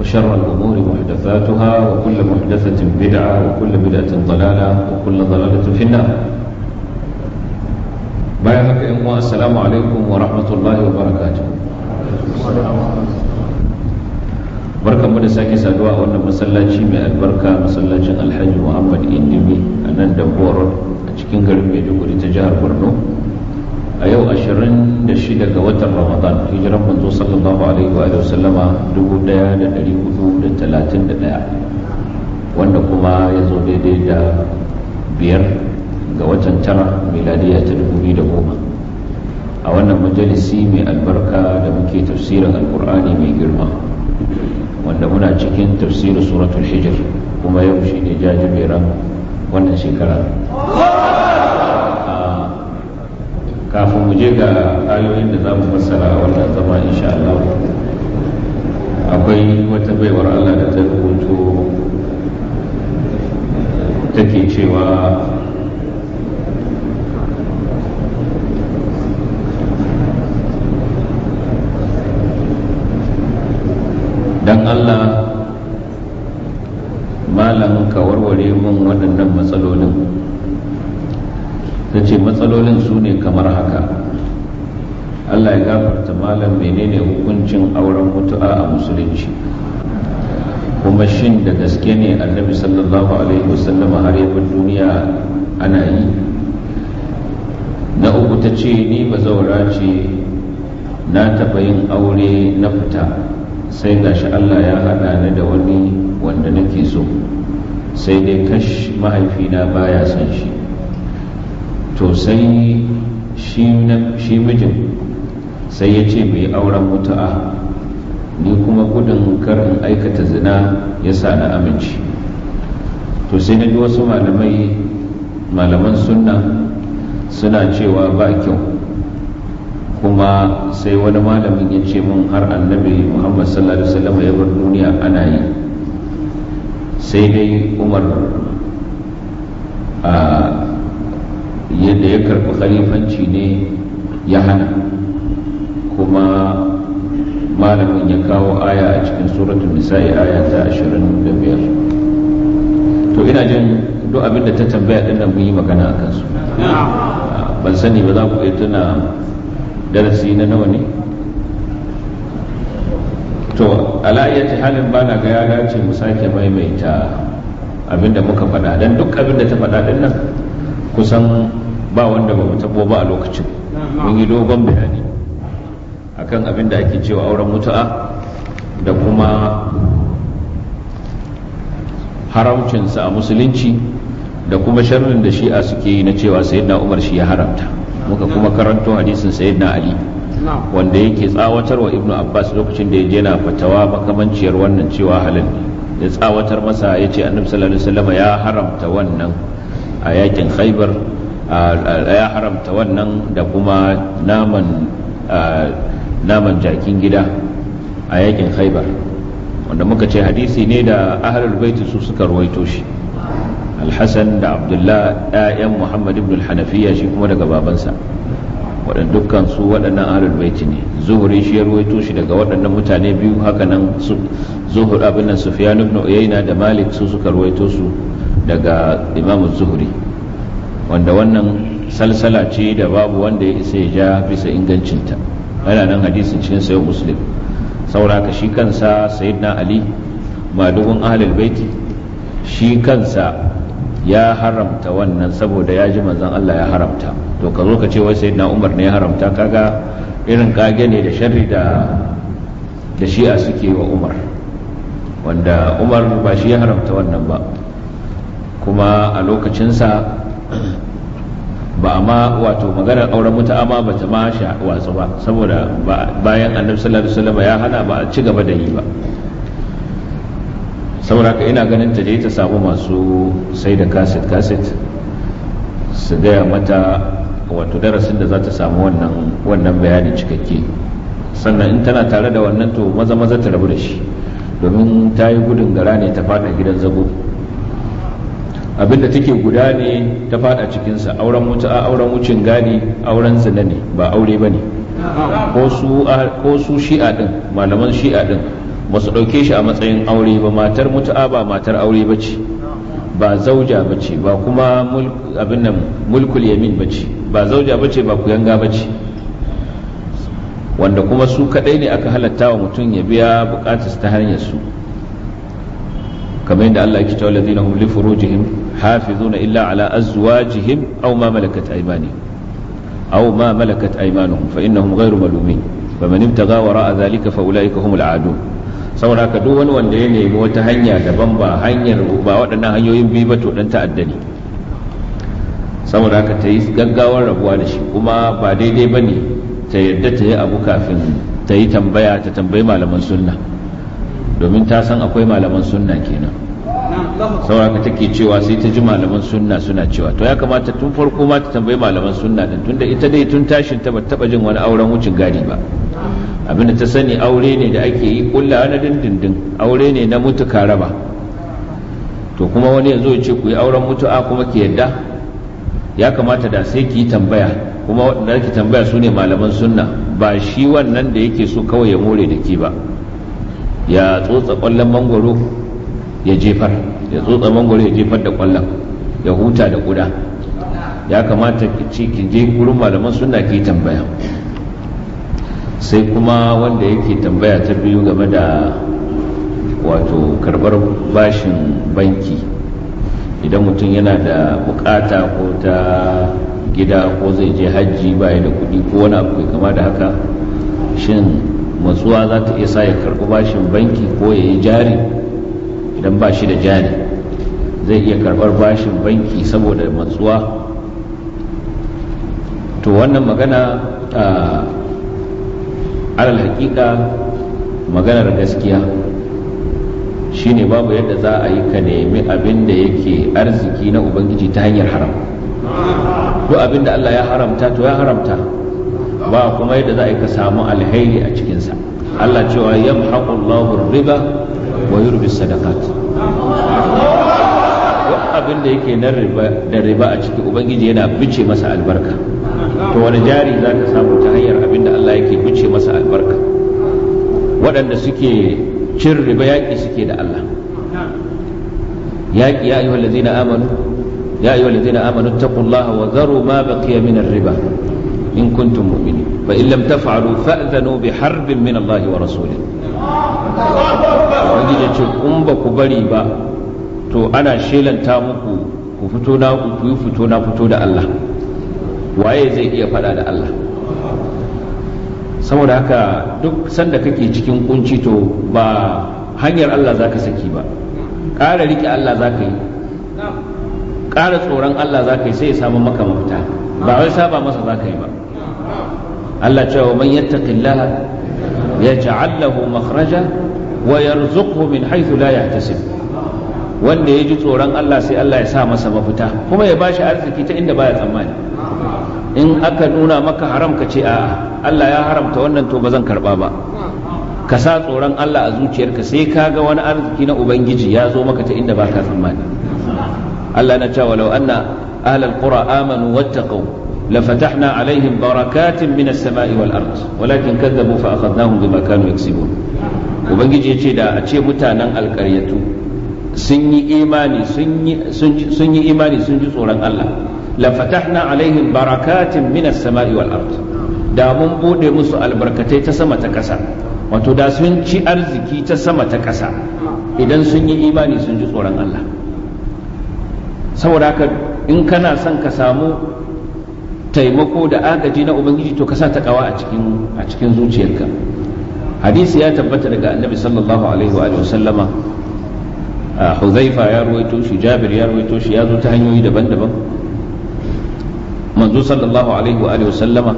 وشر الأمور محدثاتها وكل محدثة بدعة وكل بدعة ضلالة وكل ضلالة في النار بايا حق السلام عليكم ورحمة الله وبركاته barkanmu da sake saduwa a wannan masallaci mai albarka masallacin alhaji muhammad indimi a nan da road a cikin garin maiduguri ta jihar borno a yau 26 ga watan ramadan hijiran manzo sallallahu alaihi wa sallama 1431 wanda kuma ya zo daidai da biyar ga watan tara miladiya ta 2010 a wannan majalisi mai albarka da muke tafsirin alkur'ani mai girma wanda muna cikin tafsirin suratul hijir kuma yau ne jajiberan wannan shekara kafin mu je ga ayoyin da za mu fassara a wannan zama insha Allah akwai wata baiwar Allah da ta rubuto take cewa dan Allah malamin ka warware mun waɗannan matsalolin ta ce matsalolin su ne kamar haka allah ya gafarta malam menene hukuncin auren mutu'a a musulunci kuma shin da gaske ne annabi sallallahu alaihi wasallama har yabin duniya ana yi na uku ta ce ni ba zaura ce na taɓa yin aure na fita sai gashi allah ya haɗa ni da wani wanda nake so sai dai kash mahaifina baya son shi to sai shi mijin sai ya ce mai auren mutu'a ni kuma gudun karin aikata zina ya sa na aminci to sai na wasu malamai malaman sunna suna cewa ba kyau kuma sai wani malamin ya ce mun har annabi muhammad sallallahu alaihi wasallam ya bar duniya ana yi sai dai umar a yadda ya karɓi khalifanci ne ya hana kuma malamin ya kawo aya a cikin suratul nisa'i aya ta 25 to ina jin duk abin da ta tambaya din nan mun yi magana a kansu ban sani ba za ku iya tuna darasi na nawa ne to ala'ayyar halin ba na ga ya dace mu sake maimaita abin da muka faɗa dan duk abin da ta faɗa din nan kusan ba wanda ba tabo ba a lokacin mun yi dogon bayani akan abin da ake cewa auren mutu'a da kuma haramcinsa a musulunci da kuma sharrin da shi'a suke yi na cewa sayyidina umar shi ya haramta muka kuma karanto hadisin sayyidina ali wanda yake tsawatarwa ibnu abbas lokacin da ya je na fatawa makamanciyar wannan cewa halal ya tsawatar masa ya ce annabi sallallahu alaihi wasallam ya haramta wannan a yakin khaibar ya haramta wannan da kuma naman jakin gida a yakin khaibar wanda muka ce hadisi ne da ahalar baiti su suka ruwaito shi alhassan da abdullah ɗayan muhammad ibn hanafiya shi kuma daga babansa waɗanda dukkan su waɗannan ahalar baiti ne zuhuri shi ya ruwaito shi daga waɗannan mutane biyu hakanan zuhur abin nan sufyan ibn da malik su suka ruwaito su daga imamu zuhuri wanda wannan salsala ce da babu wanda ya isa ya ja bisa ingancinta ana nan hadisin cikin sayan muslim ka shi kansa sayyidina ali madugun ahlul baiti shi kansa ya haramta wannan saboda ya ji manzon Allah ya haramta to ka zo ka ce wai sayyidina umar ne ya haramta kaga irin kage ne da sharri da da shi'a suke wa umar wanda umar ba shi ya haramta wannan ba kuma a lokacinsa ba ma wato maganar auren muta'ama ba ta ma watsu ba saboda bayan annabi sallallahu alaihi wasallam ya hana ba a ci gaba da yi ba saboda ka ina ganin ta je ta samu masu sai da kaset kaset su gaya mata wato darasin da za ta samu wannan wannan bayanin cikakke sannan in tana tare da wannan to maza maza ta rabu da shi domin ta yi gudun gara ne ta fada gidan zago. abinda take guda ne ta fada cikinsa auren mutu'a auren wucin gadi auren zina ne ba aure ba ne ko su shi'a din malaman shi'a din ba su ɗauke shi a matsayin aure ba matar mutu'a ba matar aure ba ce ba zauja ba ce ba kuma abin nan mulkul yamin ba ce ba zauja ba ce ba kuyanga ba ce wanda kuma su kaɗai ne aka halatta wa mutum ya biya bukatarsa ta hanyar su kamar yadda Allah yake cewa allazina hum li furujihim hafizuna illa ala azwajihim aw ma malakat aymanihim aw ma malakat aymanuhum fa innahum ghayru malumin faman ibtagha wara'a dhalika fa ulaika humul aadun saboda haka duk wani wanda ya nemi wata hanya daban ba hanyar ba waɗannan hanyoyin biyu ba to dan ta'adda ne sauraka haka ta yi gaggawar rabuwa da shi kuma ba daidai ba ne ta yarda ta yi abu kafin ta yi tambaya ta tambayi malaman sunna domin ta san akwai malaman sunna kenan sauraka take cewa sai ta ji malaman sunna suna cewa to ya kamata tun farko ma ta tambayi malaman sunna din tunda ita dai tun tashin ta bata taba jin wani auren wucin gadi ba Abin da ta sani aure ne da ake yi kulla na dindindin aure ne na mutuka raba to kuma wani yanzu ya ce ku yi auren mutu'a kuma ki yadda ya kamata da sai ki yi tambaya kuma waɗanda ki tambaya su ne malaman sunna ba shi wannan da yake so kawai ya more da ki ba ya tsotsa kwallon mangoro ya jefar ya tsotsa mangoro ya jefar da kwallon ya huta da guda ya kamata ki ki je gurin malaman suna ki tambaya sai kuma wanda yake tambaya ta biyu game da wato karbar bashin banki idan mutum yana da bukata ko ta gida ko zai je hajji baya da kudi ko wani abu kama da haka shin matsuwa za ta iya sa ya karɓi bashin banki ko ya yi jari idan ba shi da jari zai iya karɓar bashin banki saboda matsuwa to wannan magana a alal hakika maganar gaskiya shine babu yadda za a yi ka nemi abin da yake arziki na ubangiji ta hanyar haram duk abin da allah ya haramta to ya haramta ba kuma yadda za a ka samu alheri a cikinsa Allah cewa yamhaqu Allahu riba wa yurbi sadakat. duk abin da yake na riba da riba a ciki ubangiji yana bice masa albarka to wani jari za ka samu ta hanyar abin da Allah yake bice masa albarka waɗanda suke cin riba yaƙi suke da Allah yaƙi ya ayyuhal ladzina amanu ya ayyuhal ladzina amanu taqullaha wa dharu ma baqiya min riba in kuntum mu'minin fa in lam taf'alu fa'dhanu bi harbin min Allah wa rasulih wani ya ce in ba ku bari ba to ana shelanta muku ku fito na ku fito na fito da Allah waye zai iya faɗa da Allah saboda haka duk sanda kake cikin kunci to ba hanyar Allah za ka saki ba ƙara rike Allah za ka yi ƙara tsoron Allah za ka yi sai ya samu maka mafita ba wai saba masa za ka yi ba Allah cewa man yattaqillaha yaj'al lahu makhraja wa yarzuqhu min haythu la yahtasib wanda ya ji tsoron Allah sai Allah ya sa masa mafita kuma ya bashi arziki ta inda baya tsammani in aka nuna maka haram ka ce a'a Allah ya haramta wannan to ba zan karba ba ka sa tsoron Allah a zuciyarka sai ka ga wani arziki na ubangiji ya zo maka ta inda baka tsammani Allah na cewa law anna ahlal qura amanu wattaqu lafatahna alaihim barakatin minas sama'i wal ard walakin kadzabu fa akhadnahum bima kanu yaksibun ubangiji yace da a ce mutanen alƙaryatu sun yi imani sun yi imani sun ji tsoron Allah lafatahna alaihim barakatin minas sama'i wal ard da mun bude musu albarkatai ta sama ta ƙasa wato da sun ci arziki ta sama ta ƙasa idan sun yi imani sun ji tsoron Allah saboda in kana son ka samu taimako da agaji na ubangiji to ka sa takawa a cikin a cikin zuciyarka hadisi ya tabbata daga annabi sallallahu alaihi wa sallama huzaifa ya ruwaito shi jabir ya ruwaito shi ya zo ta hanyoyi daban-daban manzo sallallahu alaihi wa sallama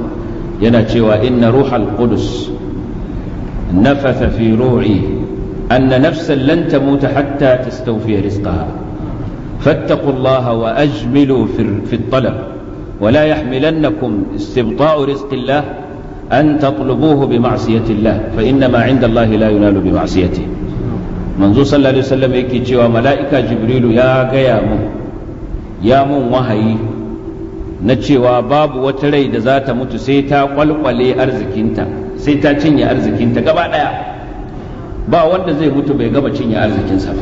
yana cewa inna ruhal qudus nafatha fi ruhi anna nafsan lan tamuta hatta tastawfiya rizqaha fattaqu allaha wa ajmilu fi ولا يحملنكم استبطاء رزق الله أن تطلبوه بمعصية الله فإنما عند الله لا ينال بمعصيته منذ صلى الله عليه وسلم يكي جوا ملائكة جبريل يا قيام يا من وهي نتشوا باب وتري ذات متسيتا قلقلي أرزكينتا سيتا تشيني أرزكينتا قبع ba wanda zai mutu bai gaba cinye arzikinsa ba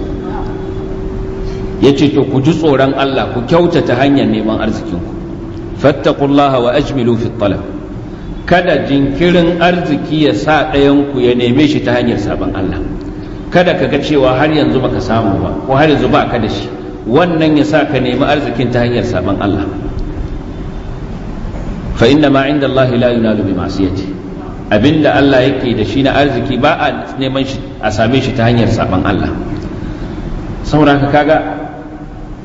ya ce to ku ji tsoron Allah ku kyautata hanyar neman arzikinku fattaqullaha wa ajmilu fi talab kada jinkirin arziki ya sa ɗayanku ya neme shi ta hanyar sabon Allah kada ka ga cewa har yanzu baka samu ba ko har yanzu ba ka da shi wannan ya sa ka nemi arzikin ta hanyar sabon Allah fa inna ma inda Allah la yunalu bi ma'siyati abinda Allah yake da shi na arziki ba a neman shi a same shi ta hanyar sabon Allah saboda kaga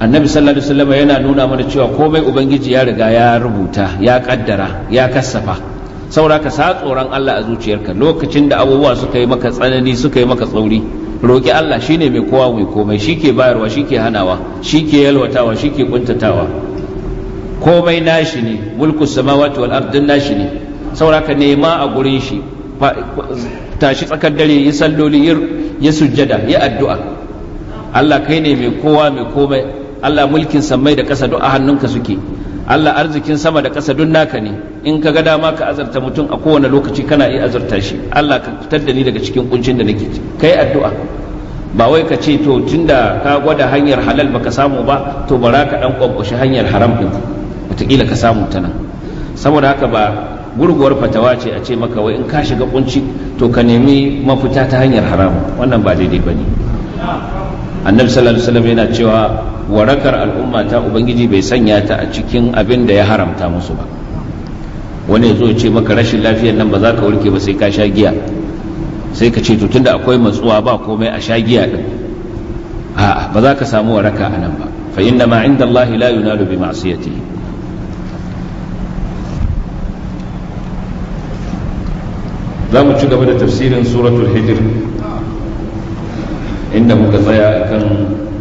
annabi sallallahu alaihi wasallam yana nuna mana cewa komai ubangiji ya riga ya rubuta ya kaddara ya kasafa. saura ka sa tsoron Allah a zuciyarka lokacin da abubuwa suka yi maka tsanani suka yi maka tsauri roki Allah shine mai kowa mai komai shike bayarwa shike hanawa shike yalwatawa shike kuntatawa komai nashi ne mulku samawati wal ardin nashi ne saura ka nema a gurin shi tashi tsakar dare yi salloli yi sujjada yi addu'a Allah kai ne mai kowa mai komai Allah mulkin sammai da ƙasa duk a hannunka suke Allah arzikin sama da ƙasa duk naka ne in ka ga dama ka azurta mutum a kowane lokaci kana iya azurta shi Allah ka fitar da ni daga cikin kuncin da nake kai addu'a ba wai ka ce to tunda ka gwada hanyar halal baka samu ba to bara ka dan kwakwashi hanyar haram din wataƙila ka samu ta nan saboda haka ba gurguwar fatawa ce a ce maka wai in ka shiga kunci to ka nemi mafita ta hanyar haram wannan ba daidai ba ne annabi sallallahu alaihi wasallam yana cewa warakar al'umma ta ubangiji bai sanya ta a cikin abin da ya haramta musu ba wani zo ce maka rashin lafiyar nan ba za ka warke ba sai ka sha giya sai ka ce to tunda akwai matsuwa ba komai a sha giya din a'a ba za ka samu waraka a nan ba fa inna ma inda Allah la yunalu bi ma'siyatihi za mu ci gaba da tafsirin suratul hijr inda muka tsaya akan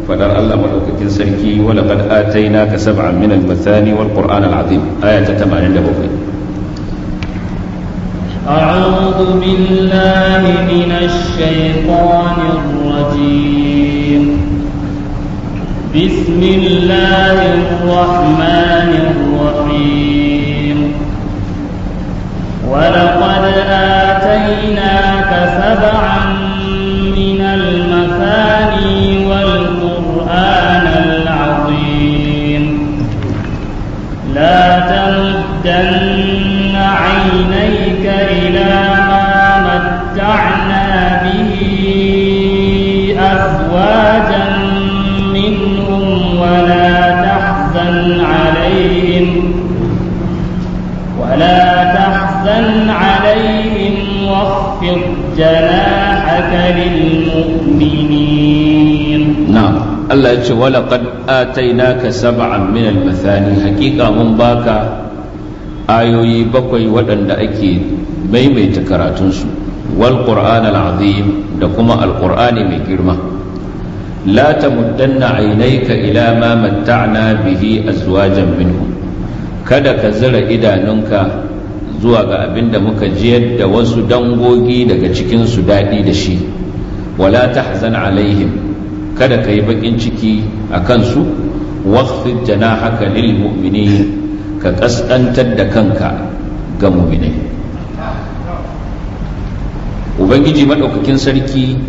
fadar Allah madaukakin sarki wa laqad atainaka sab'an min al-mathani wal qur'an al-azim aya ta 87 أعوذ بالله من الشيطان الرجيم بسم الله الرحمن الرحيم ولقد آتيناك سبعا من المثاني الثاني Allah ya ce walaƙad atainaka sab'an min al-mathani hakika mun baka ayoyi bakwai waɗanda ake maimaita karatunsu wal qur'an al-azim da kuma al-qur'ani mai girma la tamuddanna aynayka ila ma matta'na bihi azwajan minhum kada ka zira idanunka zuwa ga abin da muka jiyar da wasu dangogi daga cikin su daɗi da shi wala tahzan alaihim kada ka yi bakin ciki a kansu jana haka lil mu'mini ka kaskantar da kanka ga mu'minai ubangiji madaukakin sarki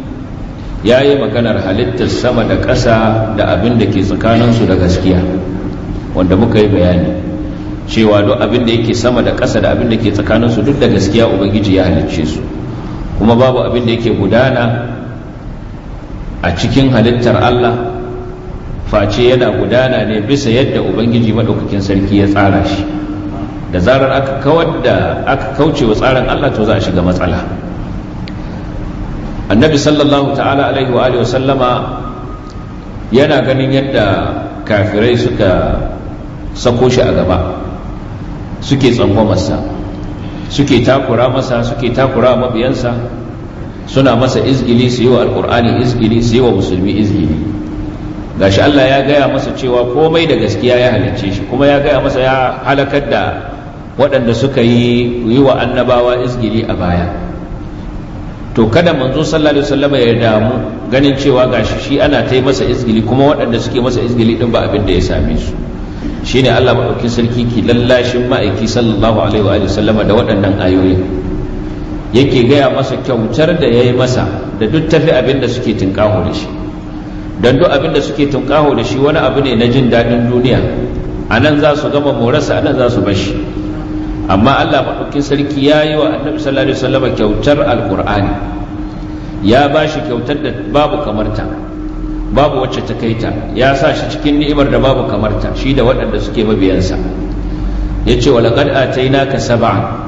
ya yi maganar halittar sama da ƙasa da abin da ke tsakaninsu da gaskiya wanda muka yi bayani cewa duk abin da yake sama da ƙasa da abin da ke tsakaninsu duk da gaskiya ubangiji ya halicce su kuma babu abin da yake gudana a cikin halittar Allah face yana gudana ne bisa yadda ubangiji maɗaukakin sarki ya tsara shi da zarar aka kawar da aka kauce wa tsarin Allah to za a shiga matsala annabi sallallahu ta'ala alaihi wa alihi sallama yana ganin yadda kafirai suka sako shi a gaba suke tsangwamarsa suke takura masa suke takura mabiyansa suna masa izgili su yi wa alkur'ani izgili su yi wa musulmi izgili gashi Allah ya gaya masa cewa komai da gaskiya ya halicce shi kuma ya gaya masa ya halakar da waɗanda suka yi yi wa annabawa izgili a baya to kada manzo sallallahu alaihi wasallam ya damu ganin cewa gashi shi ana ta masa izgili kuma waɗanda suke masa izgili din ba abin da ya same su shine Allah madaukin sarki ki lallashin ma'aiki sallallahu alaihi wa sallama da waɗannan ayoyi yake gaya masa kyautar da ya yi masa da duk tafi abin da suke tunƙaho da shi don duk abin da suke tunƙaho da shi wani abu ne na jin daɗin duniya a nan za su gama morasa, a nan za su bashi amma allah maɗaukin sarki ya yi wa annabi sallallahu alaihi kyautar alƙur'ani ya ba shi kyautar da babu kamarta babu wacce ta kai ta, ya sa shi cikin ni'imar da babu kamarta shi da waɗanda suke mabiyansa ya ce ta yi naka saba'a?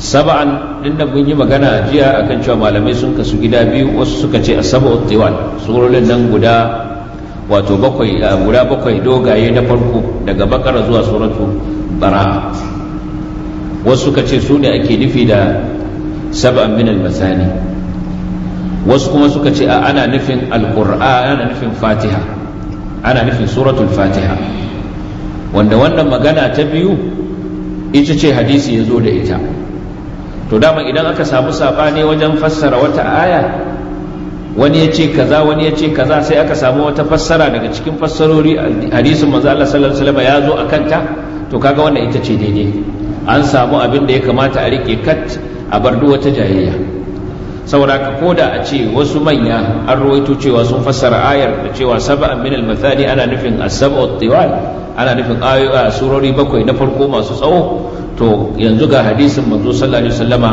saba'an inda mun yi magana jiya akan cewa malamai sun kasu gida biyu wasu suka ce asaba'u tiwal surorin nan guda wato bakwai guda bakwai dogaye na farko daga bakara zuwa suratu bara wasu suka ce su ne ake nufi da sab'an min al-masani wasu kuma suka ce a ana nufin al-qur'an ana nufin fatiha ana nufin suratul fatiha wanda wannan magana ta biyu ita ce hadisi ya zo da ita to dama idan aka samu saɓani wajen fassara wata aya wani ya ce kaza wani ya ce kaza sai aka samu wata fassara daga cikin fassarori hadisin manzo Allah sallallahu alaihi wasallam ya zo a kanta to kaga wannan ita ce daidai an samu abin da ya kamata a rike kat a bar duk wata jahiliya saboda ka koda a ce wasu manya an ruwaito cewa sun fassara ayar da cewa saba min al-mathani ana nufin as-sab'u at-tiwal ana nufin ayoyi surori bakwai na farko masu tsawo to yanzu ga hadisin manzo sallallahu alaihi wasallama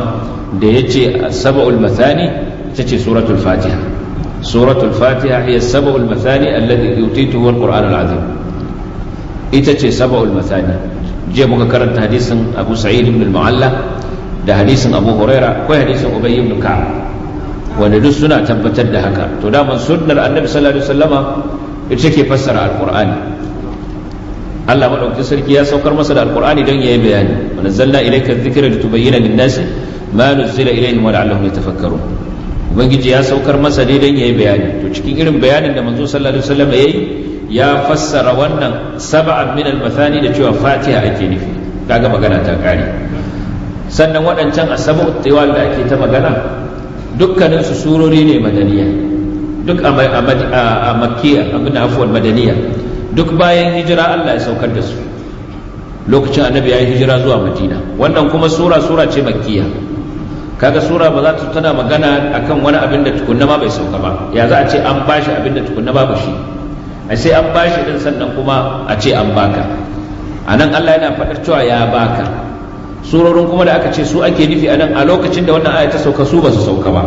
da yace sab'ul mathani tace suratul fatiha suratul fatiha hiya sab'ul mathani alladhi yutituhu alquran alazim ita ce sab'ul mathani je muka karanta hadisin abu sa'id ibn al-mu'alla da hadisin abu huraira ko hadisin ubay ibn ka'ab wanda duk suna tabbatar da haka to daman sunnar annabi sallallahu alaihi wasallama ita ke fassara alqur'ani Allah madaukakin sarki ya saukar masa da Alƙur'ani don yayi bayani wa nazzalna ilayka dhikra litubayyana lin-nasi ma nuzila ilayhim wa la'allahum yatafakkarun ubangiji ya saukar masa ne don yayi bayani to cikin irin bayanin da manzo sallallahu alaihi wasallam yayi ya fassara wannan saba'a min al-mathani da cewa fatiha ake nufi kaga magana ta kare sannan waɗancan asabu tiwal da ake ta magana dukkanin su surori ne madaniya duk a makkiya abin afuwar madaniya duk bayan hijira Allah ya saukar da su lokacin annabi ya yi hijira zuwa madina wannan kuma sura sura ce makkiya kaga sura ba za ta tana magana akan wani abin da tukunna ma bai sauka ba ya za a ce an bashi abin da tukunna ba shi Ai sai an bashi din sannan kuma a ce an baka a nan Allah yana faɗar cewa ya baka surorin kuma da aka ce su ake nufi anan nan a lokacin da wannan aya ta sauka su ba su sauka ba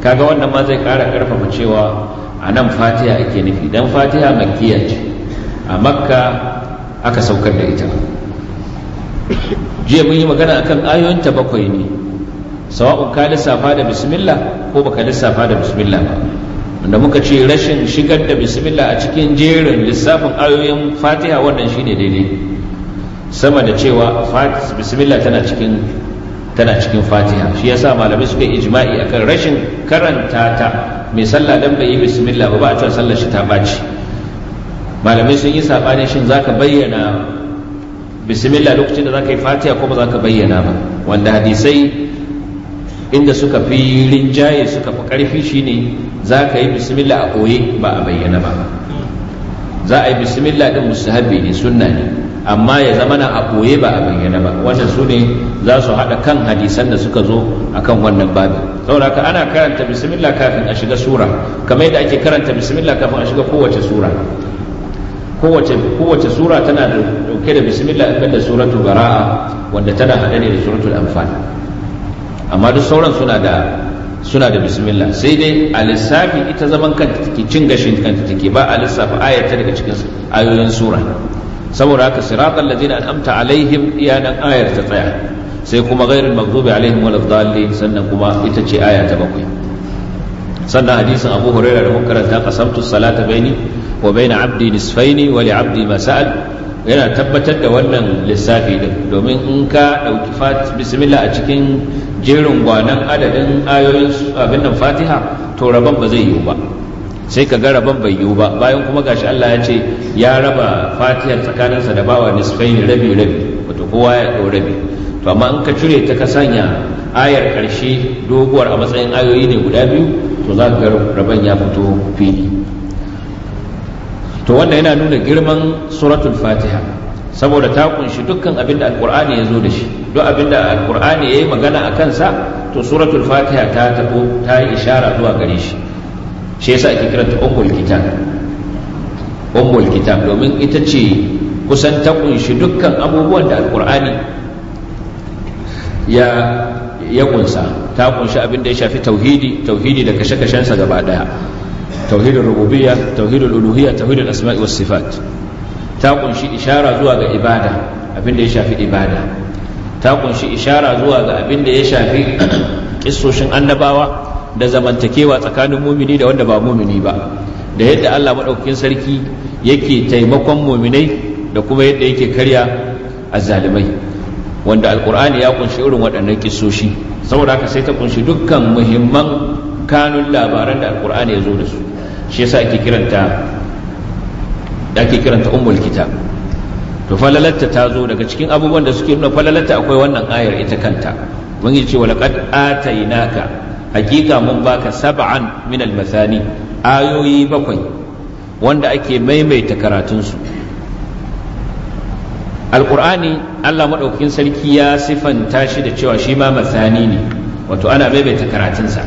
kaga wannan ma zai ƙara ƙarfafa cewa a fatiha ake nufi dan fatiha makkiya ce a makka aka saukar da ita jiya mun yi magana akan ta bakwai ne sawa'un ka lissafa da bismillah ko baka lissafa da bismillah ba wanda muka ce rashin shigar da bismillah a cikin jerin lissafin ayoyin fatiha wannan shine daidai sama da cewa bismillah tana cikin tana cikin fatiha shi yasa malamai suka yi ijma'i akan rashin karanta ta mai sallah dan bai yi bismillah ba ba a cewa sallar shi ta baci malamai sun yi saɓanin shin za ka bayyana bismillah lokacin da za ka yi fatiha ko ba za ka bayyana ba wanda hadisai inda suka fi rinjaye suka fi ƙarfi shine za ka yi bismillah a koye ba a bayyana ba za a yi bismillah din mustahabi ne sunna ne amma ya zama na a koye ba a bayyana ba wannan su ne za su haɗa kan hadisan da suka zo a kan wannan babin saboda ka ana karanta bismillah kafin a shiga sura kamar yadda ake karanta bismillah kafin a shiga kowace sura kowace sura tana da dauke da bismillah in da suratul bara'a wanda tana hada ne da suratul anfal amma duk sauran suna da suna da bismillah sai dai a lissafi ita zaman kanta take cin gashin kanta take ba a lissafa ayata daga cikin ayoyin sura saboda haka siratal ladina an'amta alaihim nan ayar ta tsaya sai kuma ghairul maghdubi alaihim waladdallin sannan kuma ita ce aya ta bakwai sannan hadisin abu hurairah da muka karanta qasamtu salata baini wa na abdi nisfaini wa li abdi masal yana tabbatar da wannan lissafi din domin in ka ɗauki bismillah a cikin jerin gwanan adadin ayoyin abin nan fatiha to rabon ba zai yiwu ba sai ka ga rabon bai yiwu ba bayan kuma gashi Allah ya ce ya raba fatiha tsakaninsa da bawa nisfaini rabi rabi wato kowa ya ɗau rabi to amma in ka cire ta ka sanya ayar ƙarshe doguwar a matsayin ayoyi ne guda biyu to za ka ga rabon ya fito fili to wannan yana nuna girman suratul fatiha saboda ta kunshi dukkan abinda da alkur'ani ya zo da shi duk abinda alkur'ani ya yi magana a kansa to suratul fatiha ta tabo ta yi ishara zuwa gare shi shi yasa ake kiranta ummul kitab ummul kitab domin ita ce kusan ta kunshi dukkan abubuwan da alkur'ani ya ya kunsa ta kunshi abinda ya shafi tauhidi tauhidi da kashe-kashensa gaba daya tauhidul rububiyya tauhidul uluhiyya tauhidul asma'i was sifat ta kunshi ishara zuwa ga ibada da ya shafi ibada ta kunshi ishara zuwa ga da ya shafi kissoshin annabawa da zamantakewa tsakanin mumini da wanda ba mumini ba da yadda Allah madaukakin sarki yake taimakon muminai da kuma yadda yake karya azzalimai wanda alkur'ani ya kunshi irin waɗannan kissoshi saboda haka sai ta kunshi dukkan muhimman kanun labaran da alkur'ani ya zo da su shi yasa ake kiranta ake kiranta ummul kitab to falalatta ta zo daga cikin abubuwan da suke nuna falalatta akwai wannan ayar ita kanta mun yi cewa laqad atainaka hakika mun baka sab'an min al-masani ayoyi bakwai wanda ake maimaita karatun su alkur'ani Allah madaukakin sarki ya sifanta shi da cewa shi ma masani ne wato ana maimaita karatunsa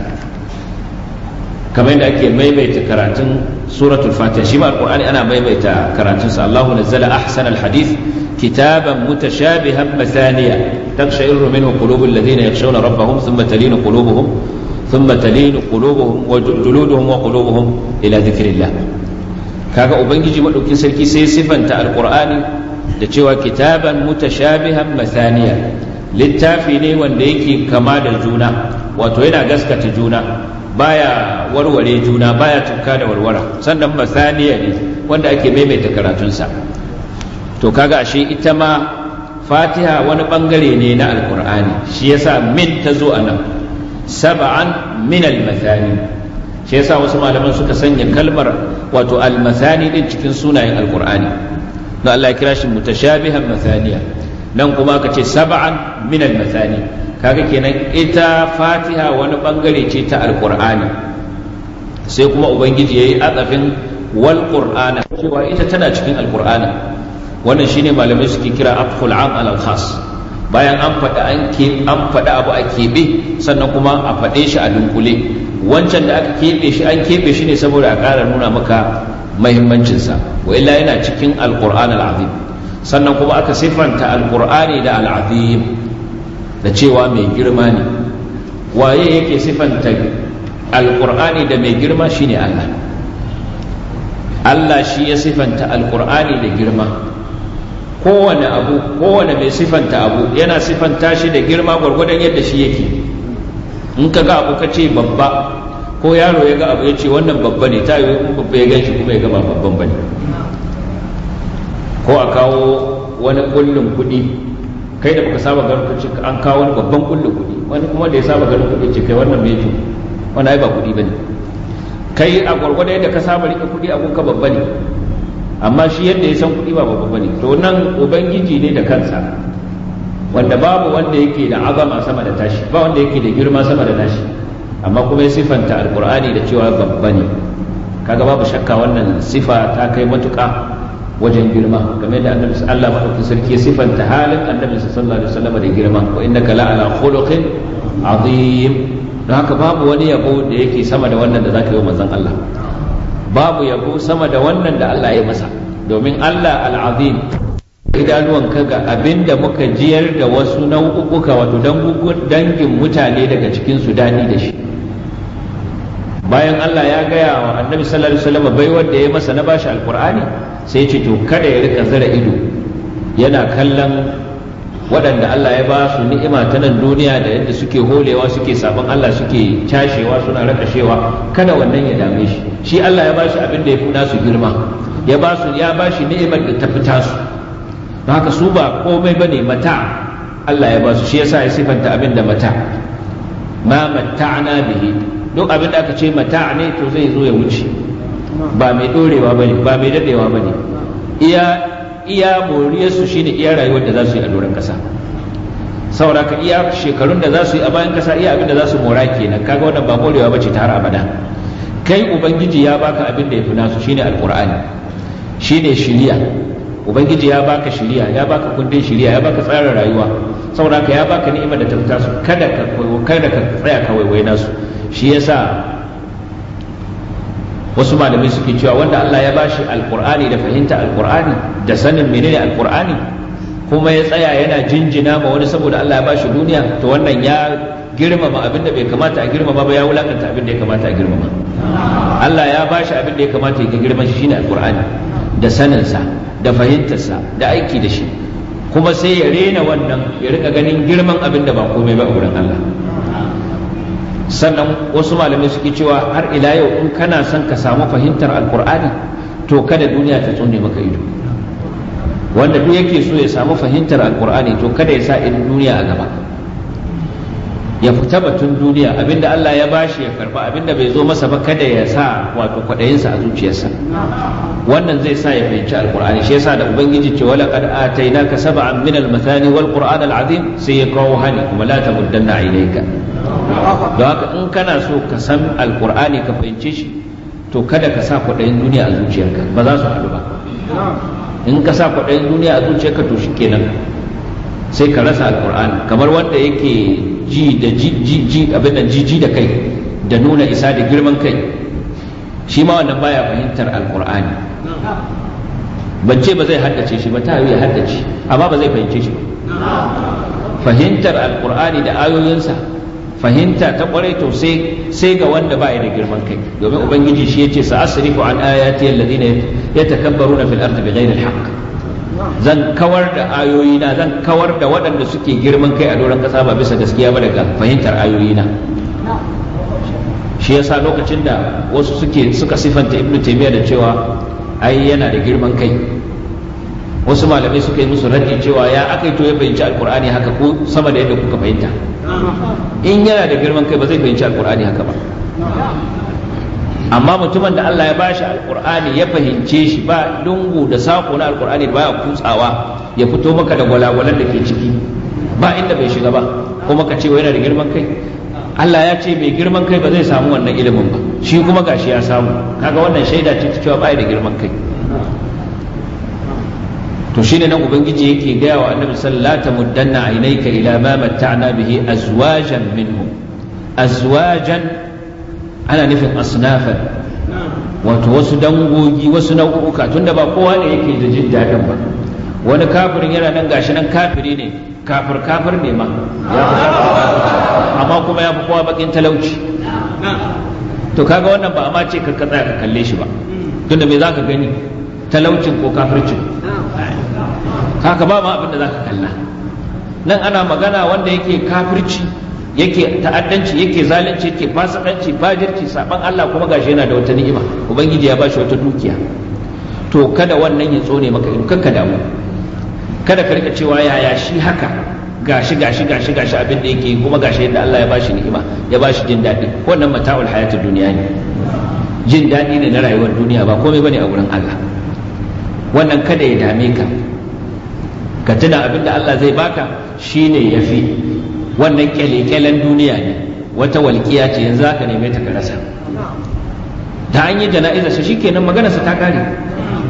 kamar yadda ake maimaita karatun suratul fatiha shi ma alqur'ani ana maimaita karatun sa Allahu nazzala ahsanal hadith kitaban mutashabihan mathaniya takshairu minhu qulubul ladhina yakhshawna rabbahum thumma talinu qulubuhum thumma talinu qulubuhum wa juluduhum wa qulubuhum ila dhikrillah kaga ubangiji madaukin sarki sai sifanta alqur'ani da cewa kitaban mutashabihan mathaniya littafi ne wanda yake kama da juna wato yana gaskata juna baya warware juna baya tuka da warwara sannan masaniya ne wanda ake maimaita karatunsa to kaga ashe ita ma fatiha wani bangare ne na alkur'ani shi yasa min ta zo a nan saba'an min almathani shi yasa wasu malaman suka sanya kalmar wato almathani din cikin sunayen alkur'ani Na Allah ya kira shi mutashabihan mathaniya nan kuma aka ce saba'an min almathani kaga kenan ita fatiha wani bangare ce ta alkur'ani sai kuma ubangiji yayi yi wal walƙur'ana. cewa ita tana cikin alqur'ana wannan shine malamai suke kira afkul am al khas bayan an faɗa an abu a keɓe sannan kuma a faɗe shi a dunkule wancan da aka keɓe shi an keɓe shi ne saboda a ƙara nuna maka mahimmancinsa wa illa yana cikin Alƙur'an al'azim sannan kuma aka siffanta Alƙur'ani da al'azim da cewa mai girma ne waye yake sifanta alkur'ani da mai girma shine Allah Allah shi ya sifanta alkur'ani da girma kowane abu kowane mai sifanta abu yana sifanta shi da girma gwargwadon yadda shi yake in ka ga abu ka ce babba ko yaro ya ga abu ya ce wannan babba ne ta yi babba ya gan shi kuma ya gama babban bane ko a kawo wani kullum kuɗi kai da baka saba ganin kuɗi an kawo wani babban kullu kuɗi wani kuma da ya saba ganin kuɗi ce kai wannan me kyau wani ai ba kuɗi bane kai a gwargwado yadda ka saba rike kuɗi ka babba ne amma shi yadda ya san kuɗi ba babba bane to nan ubangiji ne da kansa wanda babu wanda yake da azama sama da tashi ba wanda yake da girma sama da tashi, amma kuma ya sifanta alqur'ani da cewa babba ne kaga babu shakka wannan sifa ta kai matuƙa wajen girma game da annabi Allah madaukakin sarki ya sifanta halin annabi sallallahu alaihi wasallam da girma wa innaka la ala khuluqin azim don haka babu wani yabo da yake sama da wannan da zaka yi wa manzon Allah babu yabo sama da wannan da Allah ya masa domin Allah al-azim idanuwanka ga abin da muka jiyar da wasu nau'uka wato dangin mutane daga cikin su dani da shi bayan Allah ya gaya wa annabi sallallahu alaihi wasallam bai wanda ya masa na bashi alqur'ani sai ce to kada ya rika zara ido yana kallon waɗanda Allah ya ba su ni'ima ta nan duniya da yadda suke holewa suke sabon Allah suke cashewa suna rakashewa kada wannan ya dame shi shi Allah ya ba shi abin da ya fi nasu girma ya ba su ya ba shi ni'imar da ta fi tasu haka su ba komai bane mata Allah ya ba su shi yasa ya sifanta abin da mata ma matta'na bihi duk abin da aka ce mata ne to zai zo ya wuce ba mai dorewa ne ba mai dadewa ba ne. iya iya moriyar su shine iya rayuwar da za su yi a doron kasa saboda ka iya shekarun da za su yi a bayan kasa iya abin da za su mora kenan kaga wannan ba morewa ce ta har abada kai ubangiji ya baka abin da ya fi nasu shine alqur'ani shine shiriya ubangiji ya baka shiriya ya baka kundin shiriya ya baka tsarin rayuwa saboda ka ya baka ni'imar da ta fita su kada ka kada ka tsaya ka waiwaina su shi yasa wasu malamai suke cewa wanda Allah ya bashi alkurani da fahimta alkur'ani da sanin menene alkur'ani kuma ya tsaya yana jinjina ma wani saboda Allah ya bashi duniya to wannan ya girmama abin da bai kamata a girmama ba ya wulakanta abin da ya kamata a girmama Allah ya bashi abin da ya kamata ya girma shi shine alkur'ani da saninsa da fahimtarsa da aiki da shi kuma sai ya rena wannan ya rika ganin girman abin da ba komai ba a gurin Allah sannan wasu malamai suke cewa har ila yau in kana son ka samu fahimtar alkur'ani to kada duniya ta tsone maka ido wanda duk yake so ya samu fahimtar alkur'ani to kada ya sa in duniya a gaba ya fita batun duniya abinda Allah ya bashi ya karba abinda bai zo masa ba kada ya sa wato kwadayinsa a zuciyarsa wannan zai sa ya fahimci alkur'ani shi yasa da ubangiji ce wala qad atainaka sab'an min al-mathani wal qur'an al-azim sai ya kawo hani kuma la tamuddanna ilayka don haka in kana so ka san alkur'ani ka fahimce shi to kada ka sa kwaɗayin duniya a zuciyarka ba za su haɗu ba in ka sa kwaɗayin duniya a zuciyarka to shi kenan sai ka rasa alkur'ani kamar wanda yake ji da ji abin da jiji da kai da nuna isa da girman kai shi ma wannan baya fahimtar alkur'ani ban ce ba zai haddace shi ba ta ya haddace amma ba zai fahimce shi ba fahimtar alkur'ani da ayoyinsa fahimta ta kwarai to sai ga wanda ba ya da girman kai domin ubangiji shi yace sa asrifu an ayati alladhina yatakabbaruna fil ardi bighayri alhaq zan kawar da ayoyina zan kawar da waɗanda suke girman kai a doron kasa ba bisa gaskiya ba daga fahimtar ayoyina shi yasa lokacin da wasu suke suka sifanta ibnu taymiya da cewa ai yana da girman kai wasu malamai suka yi musu raddi cewa ya aka yi to ya fahimci alkur'ani haka ko sama da yadda kuka fahimta in yana da girman kai ba zai fahimci alkur'ani haka ba amma mutumin da Allah ya bashi alkur'ani ya fahimce shi ba dungu da sako na alkur'ani ba ya kutsawa ya fito maka da gwalagwalan da ke ciki ba inda bai shiga ba kuma ka ce yana da girman kai Allah ya ce mai girman kai ba zai samu wannan ilimin ba shi kuma gashi ya samu kaga wannan shaida ce cewa ba da girman kai to shine nan ubangiji yake gaya wa annabi sallallahu alaihi muddanna ainaika ila ma matta'na bihi azwajan minhum azwajan ana nufin asnafa wato wasu dangogi wasu nau'uka tunda ba kowa ne yake da jin daɗin ba wani kafirin yana nan gashi nan kafiri ne kafir kafir ne ma amma kuma ya fi kowa bakin talauci to kaga wannan ba amma ce ka tsaya ka kalle shi ba tunda me za ka gani talaucin ko kafircin kaka ba ma abin da za ka kalla nan ana magana wanda yake kafirci yake ta'addanci yake zalunci yake fasikanci fajirci saban Allah kuma gashi yana da wata ni'ima ubangiji ya bashi wata dukiya to kada wannan ya tsone maka in kanka damu kada ka rika cewa yaya shi haka gashi gashi gashi gashi abin da yake kuma gashi yadda Allah ya bashi ni'ima ya bashi jin daɗi wannan mata'ul hayatid duniya ne jin daɗi ne na rayuwar duniya ba komai bane a wurin Allah wannan kada ya dame ka ka tuna abin da Allah zai baka shine yafi wannan kyalekyalen duniya ne wata walƙiya ce yanzu ka neme ta ka rasa da an yi jana'iza shi shikenan magana sa ta kare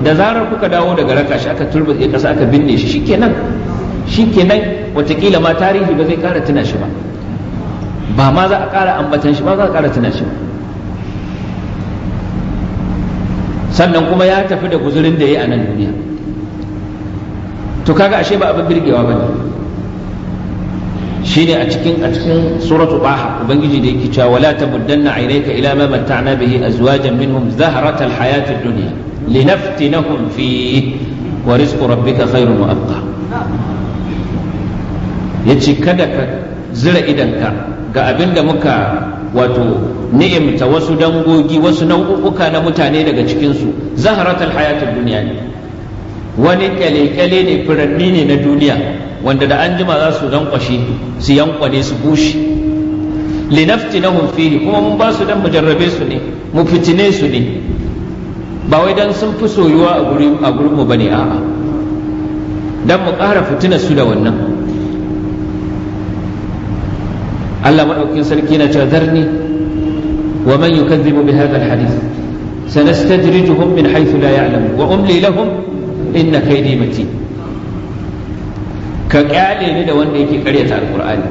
da zarar kuka dawo daga raka shi aka turba ya kasa aka binne shi shikenan shikenan watakila ma tarihi ba zai kara tuna shi ba ba ma za a kara ambatan shi ba za a kara tuna shi ba sannan kuma ya tafi da guzurin da ya yi a nan duniya to kaga ashe ba abin birgewa bane shine a cikin a cikin suratu baha ubangiji da yake cewa wala tamuddanna aynaka ila ma matta'na bihi azwajan minhum zahrata alhayati ad-dunya linaftinahum fi wa rizqu rabbika khairun wa abqa yace kada ka zira idanka ga abin da muka wato ni'imta wasu dangogi wasu nau'uka na mutane daga cikinsu zaharatul hayatul duniya ne wani kyale-kyale ne furanni ne na duniya wanda da an jima za su dankwashe su yankwane su bushe na fihi kuma mun ba su dan mujarrabe su ne mu fitine su ne ba wai dan sun fi soyuwa a gurinmu ba ne, a'a dan mu ƙara fitina su da wannan Allah madaukakin sarki na cewa zarni wa man yukazzibu bi hadha alhadith sanastadrijuhum min haythu la ya'lamun wa umli lahum inna kaidi mati ka kyale ni da wanda yake karyata alqur'ani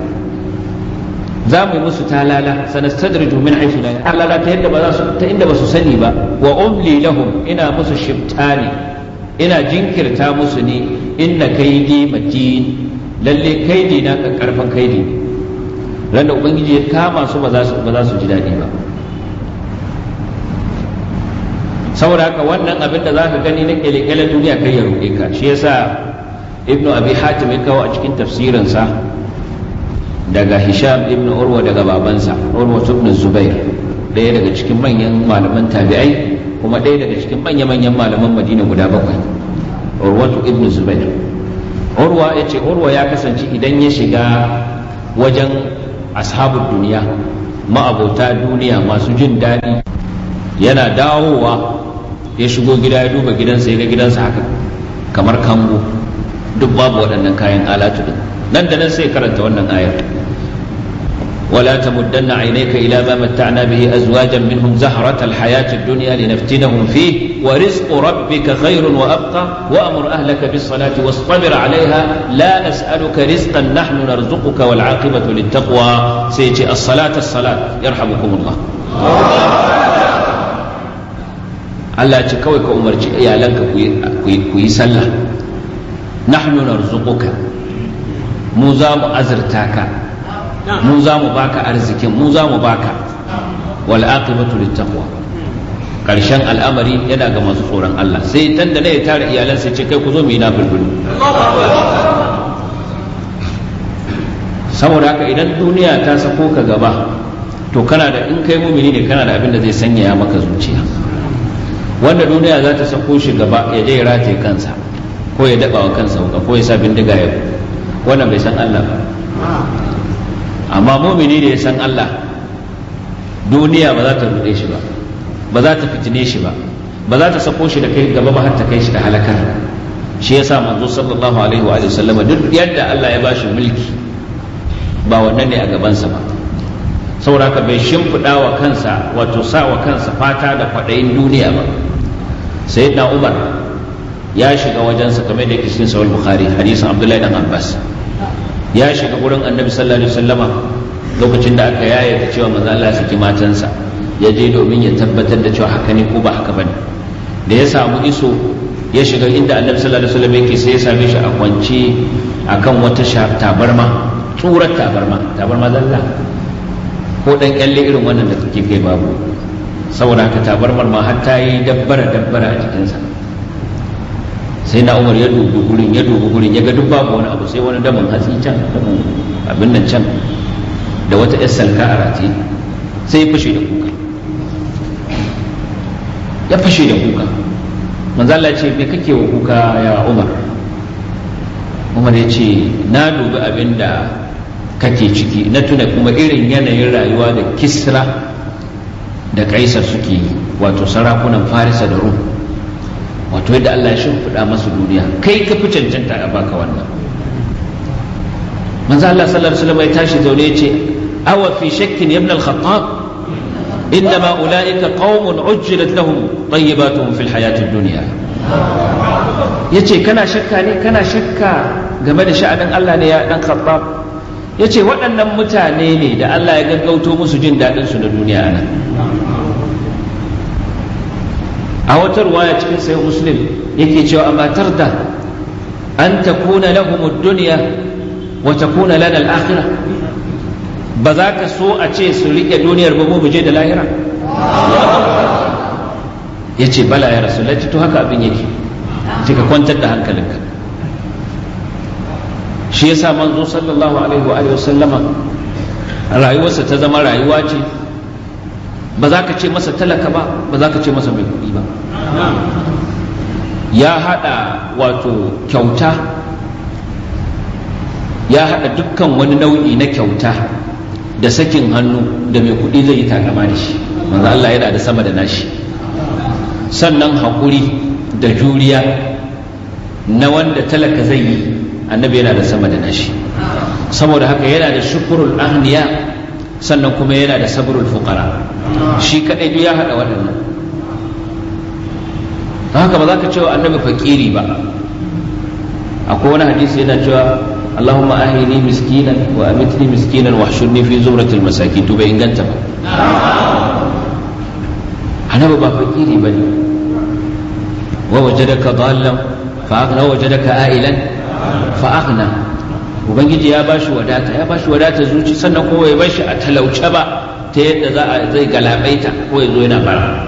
za mu yi musu talala sanastadriju min haythu la talala ta yadda ba za su ta inda ba su sani ba wa umli lahum ina musu shibtani ina jinkirta musu ne inna kaidi mati, lalle kaidi na karfan kaidi ne ran ubangiji ya kama su ba za su ji daɗi ba saboda haka wannan abin da za ka gani na kyalekyalen duniya kai ya roƙe ka shi yasa Ibn abi hatim ya kawo a cikin tafsirinsa daga hisham Ibn urwa daga babansa urwa ibn zubair ɗaya daga cikin manyan malaman tabi'ai kuma ɗaya daga cikin manya-manyan malaman madina guda bakwai urwatu ibn zubair urwa ya ce urwa ya kasance idan ya shiga wajen ashabu duniya ma'abota duniya masu jin daɗi yana dawowa ya shigo gida ya duba gidansa ya ga gidansa haka kamar kango duk babu waɗannan kayan alatu din nan da nan sai karanta wannan ayar ولا تمدن عينيك إلى ما متعنا به أزواجا منهم زهرة الحياة الدنيا لنفتنهم فيه ورزق ربك خير وأبقى وأمر أهلك بالصلاة واصطبر عليها لا نسألك رزقا نحن نرزقك والعاقبة للتقوى سيجي الصلاة الصلاة يرحمكم الله Allah ce kawai ka umarci iyalanka ku yi sallah nahnu narzuquka mu za mu azurta ka mu za mu baka arzikin mu za mu baka wal aqibatu littaqwa karshen al'amari yana ga masu tsoron Allah sai tan da ya tara iyalansa ce kai ku zo mu yi na bulbulu saboda haka idan duniya ta sako ka gaba to kana da in kai mumini ne kana da abin da zai sanyaya maka zuciya wanda duniya za ta sako shi gaba ya je rataye kansa ko ya daba wa kansa wuka ko ya sa bindiga ya wannan bai san Allah ba amma mumini da ya san Allah duniya ba za ta rude shi ba ba za ta fitine shi ba ba za ta sako shi da kai gaba ba har ta kai shi da halakar shi yasa manzo sallallahu alaihi wa sallama duk yadda Allah ya bashi mulki ba wannan ne a gabansa ba saboda bai shimfiɗa wa kansa wato sa wa kansa fata da kwaɗayin duniya ba sayyidina umar ya shiga wajensa kamar da yake cikin sahih bukhari hadisin abdullahi dan abbas ya shiga gurin annabi sallallahu alaihi wasallama lokacin da aka yaya ta cewa manzo Allah saki matansa ya je domin ya tabbatar da cewa haka ne ko ba haka bane da ya samu iso ya shiga inda annabi sallallahu alaihi wasallam yake sai ya same shi a kwance akan wata tabarma tsurar tabarma tabarma zalla ko dan kyalle irin wannan da kake kai babu saboda haka tabarmar ma har ta yi dabbara dabbara a jikinsa sai na umar ya dubi gurin ya dubi gurin ya ga duk babu wani abu sai wani damin hatsi can damin abin nan can da wata yar sanka a rati sai ya fashe da kuka ya fashe da kuka manzala ce me kake wa kuka ya umar umar ya ce na dubi abin da kake ciki na tuna kuma irin yanayin rayuwa da kisra da kaisar suke yi wato sarakunan farisa da rum wato yadda allah ya shimfiɗa masu duniya kai ka fi cancanta a baka wannan manzo allah sallallahu alaihi ya tashi zaune ya ce awa fi shakkin ibn al-khattab إنما أولئك قوم عجلت لهم طيباتهم في الحياة الدنيا yace kana shakka ne kana shakka game da sha'anin Allah ne ya dan khattab ya ce waɗannan mutane ne da Allah ya gaggauto musu jin daɗinsu na duniya nan a wata ruwaya cikin sayin muslim yake cewa a matar da an ta kuna lahumud duniya wa kuna lana ba za ka so a ce su riƙe duniyar ba mu je da lahira ya ce bala ya rasu to haka abin yake ce ka kwantar da hankalinka shi yasa manzo sallallahu alaihi wa wasallama rayuwarsa ta zama rayuwa ce ba za ka ce masa talaka ba ba za ka ce masa mai kuɗi ba ya haɗa wato kyauta ya haɗa dukkan wani nau'i na kyauta da sakin hannu da mai kuɗi zai yi takama da shi manzo Allah yana da sama da nashi sannan haƙuri da juriya na wanda talaka zai yi annabi yana da sama da nashi saboda haka yana da shukurul ahniya sannan kuma yana da sabrul fuqara shi kadai duk ya hada waɗannan don haka ba za ka cewa annabi fakiri ba akwai wani hadisi yana cewa اللهم أهني مسكينا وأمتني مسكينا واحشرني في زمرة المساكين تو بإن جنت ba annabi ba fakiri bane wa wajadaka dhallan fa aghna wajadaka ailan fa ubangiji ya bashi wadata ya bashi wadata zuci sannan kowai ya bashi a talauce ba ta yadda za a zai galabaita ko ya zo yana bara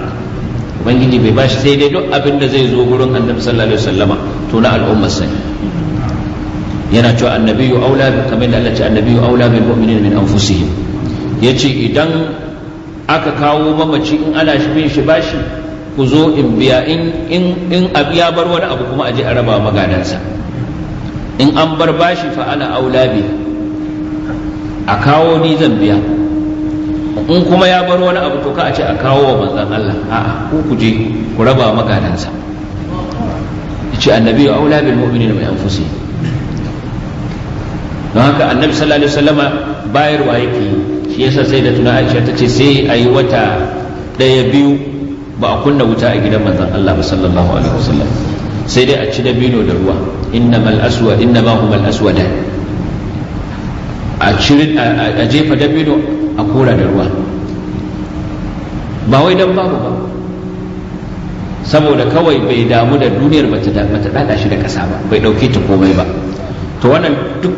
ubangiji bai bashi sai dai duk abin da zai zo gurin annabi sallallahu alaihi wasallama to na al'ummar sani yana cewa annabiyyu aula bi kamar da Allah ce annabiyyu aula bil mu'minin min anfusihim yace idan aka kawo mamaci in ana shi bin shi bashi ku zo in biya in in abiya bar wani abu kuma aje a raba magadansa in an bar bashi fa ana aula biya a kawo ni zan biya in kuma ya bar wani abu to ka a ce a kawo wa manzan Allah a'a ku ku je ku raba magadansa yace annabi aula bil mu'minina bi anfusih don haka annabi sallallahu alaihi wasallama bayarwa yake shi yasa sai da tuna aisha ta ce sai a yi wata ɗaya biyu ba a kunna wuta a gidan manzan Allah sallallahu alaihi wasallam sai dai a ci dabino da ruwa innamal aswa innama a a jefa dabino a kora da ruwa ba wai dan babu ba saboda kawai bai damu da duniyar bata dada shi da ƙasa ba bai ɗauke ta komai ba to wannan duk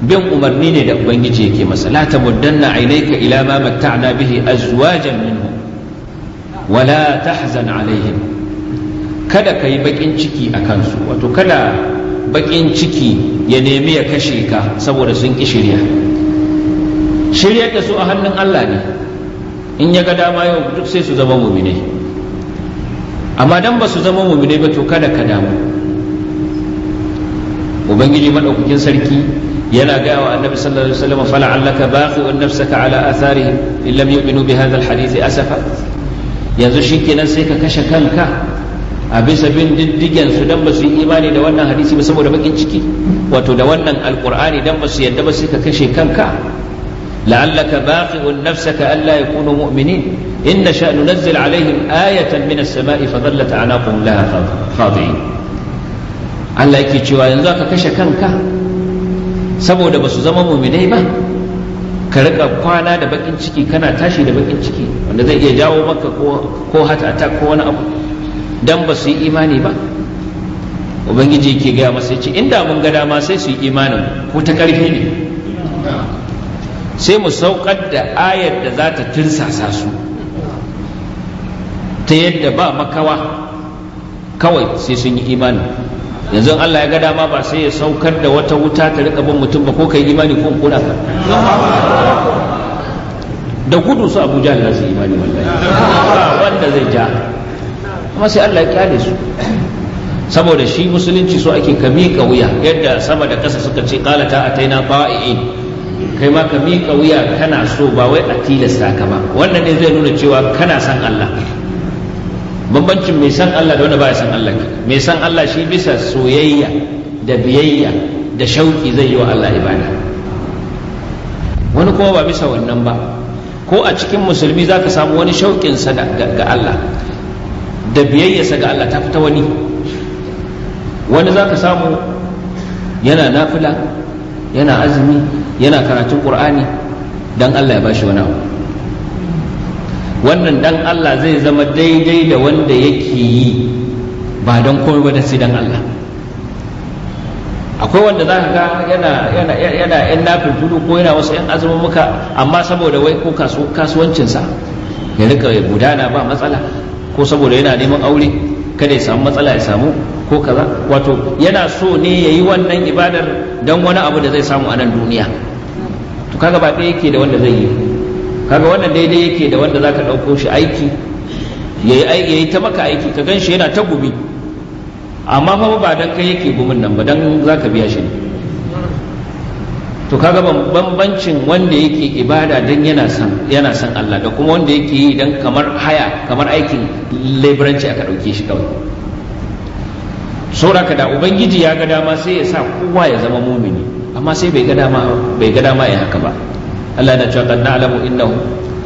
bin umarni ne da ubangiji yake masa la tamuddanna ainaka ila ma matta'na bihi azwajan minhu wala tahzan alaihim kada ka yi baƙin ciki a kansu wato kada baƙin ciki ya nemi ya kashe ka saboda sun ƙi shirya shirya da su a hannun Allah ne in ya ga dama yau duk sai su zama mumine amma dan ba su zama mumine ba to kada ka damu ubangiji maɗaukakin sarki yana gaya wa annabi sallallahu alaihi wasallam fala allaka baqi'un nafsaka ala atharihim in lam yu'minu bi hadha alhadith asafa yanzu shikenan sai ka kashe kanka a bisa bin diddigen su dan ba su yi imani da wannan hadisi ba saboda bakin ciki wato da wannan alqur'ani dan ba su yadda ba sai ka kashe kanka la'allaka baqi'un nafsaka alla yakunu mu'minin in nasha nunazzil alaihim ayatan min as-sama'i fa dhallat anaquhum laha khadi'in Allah yake cewa yanzu ka kashe kanka saboda ba su zama mu'minai ba ka rika kwana da bakin ciki kana tashi da bakin ciki wanda zai iya jawo maka ko heart attack ko wani abu dan ba su yi imani ba ubangiji ke gaya masa ce inda mun ga dama sai su yi imanin ko ta karfi ne sai mu saukar da ayar da za ta tirsasa su ta yadda ba makawa kawai sai sun yi imanin yanzu Allah ya ga dama ba sai ya saukar da wata wuta ta rika bin mutum ba ko kai imani ko kuna ka da gudu su Abuja Allah su imani wallahi wanda zai ja kuma sai Allah ya kyale su saboda shi musulunci so ake ka miƙa wuya yadda sama da ƙasa suka ce qalata ataina ba'i'in kai ma ka miƙa wuya kana so ba wai a tilasta ka ba wannan ne zai nuna cewa kana san Allah bambancin mai san Allah da wanda baya san Allah mai san Allah shi bisa soyayya da biyayya da shauki zai yi wa Allah ibada wani kuma ba bisa wannan ba ko a cikin musulmi zaka samu wani shauƙin sa ga Allah da biyayyarsa ga Allah ta fita wani wani za ka samu yana nafila yana azumi yana karatun ƙur'ani don Allah ya bashi wani abu wannan dan Allah zai zama daidai da wanda yake yi ba don komai ba da sai dan Allah akwai wanda za ka ga yana yana yana yan nafin tudu ko yana wasu yan muka amma saboda wai ko kasuwancinsa ya rika gudana ba matsala ko saboda yana neman aure kada ya samu matsala ya samu ko kaza wato yana so ne ya yi wannan ibadar don wani abu da zai samu a nan duniya to kaga ba ɗaya yake da wanda zai yi kaga wannan daidai yake da wanda zaka ɗauko shi aiki ya yi ta maka aiki ka gan shi yana ta gubi. amma fa ba dan kai yake gumin nan ba dan zaka biya shi ne to kaga bambancin wanda yake ibada don yana san yana san Allah da kuma wanda yake yi don kamar haya kamar aikin leburanci aka ɗauke shi kawai sauraka da ubangiji ya ga dama sai ya sa kowa ya zama mumini amma sai bai ga dama bai ga dama ya haka ba Allah na cewa qad alamu innahu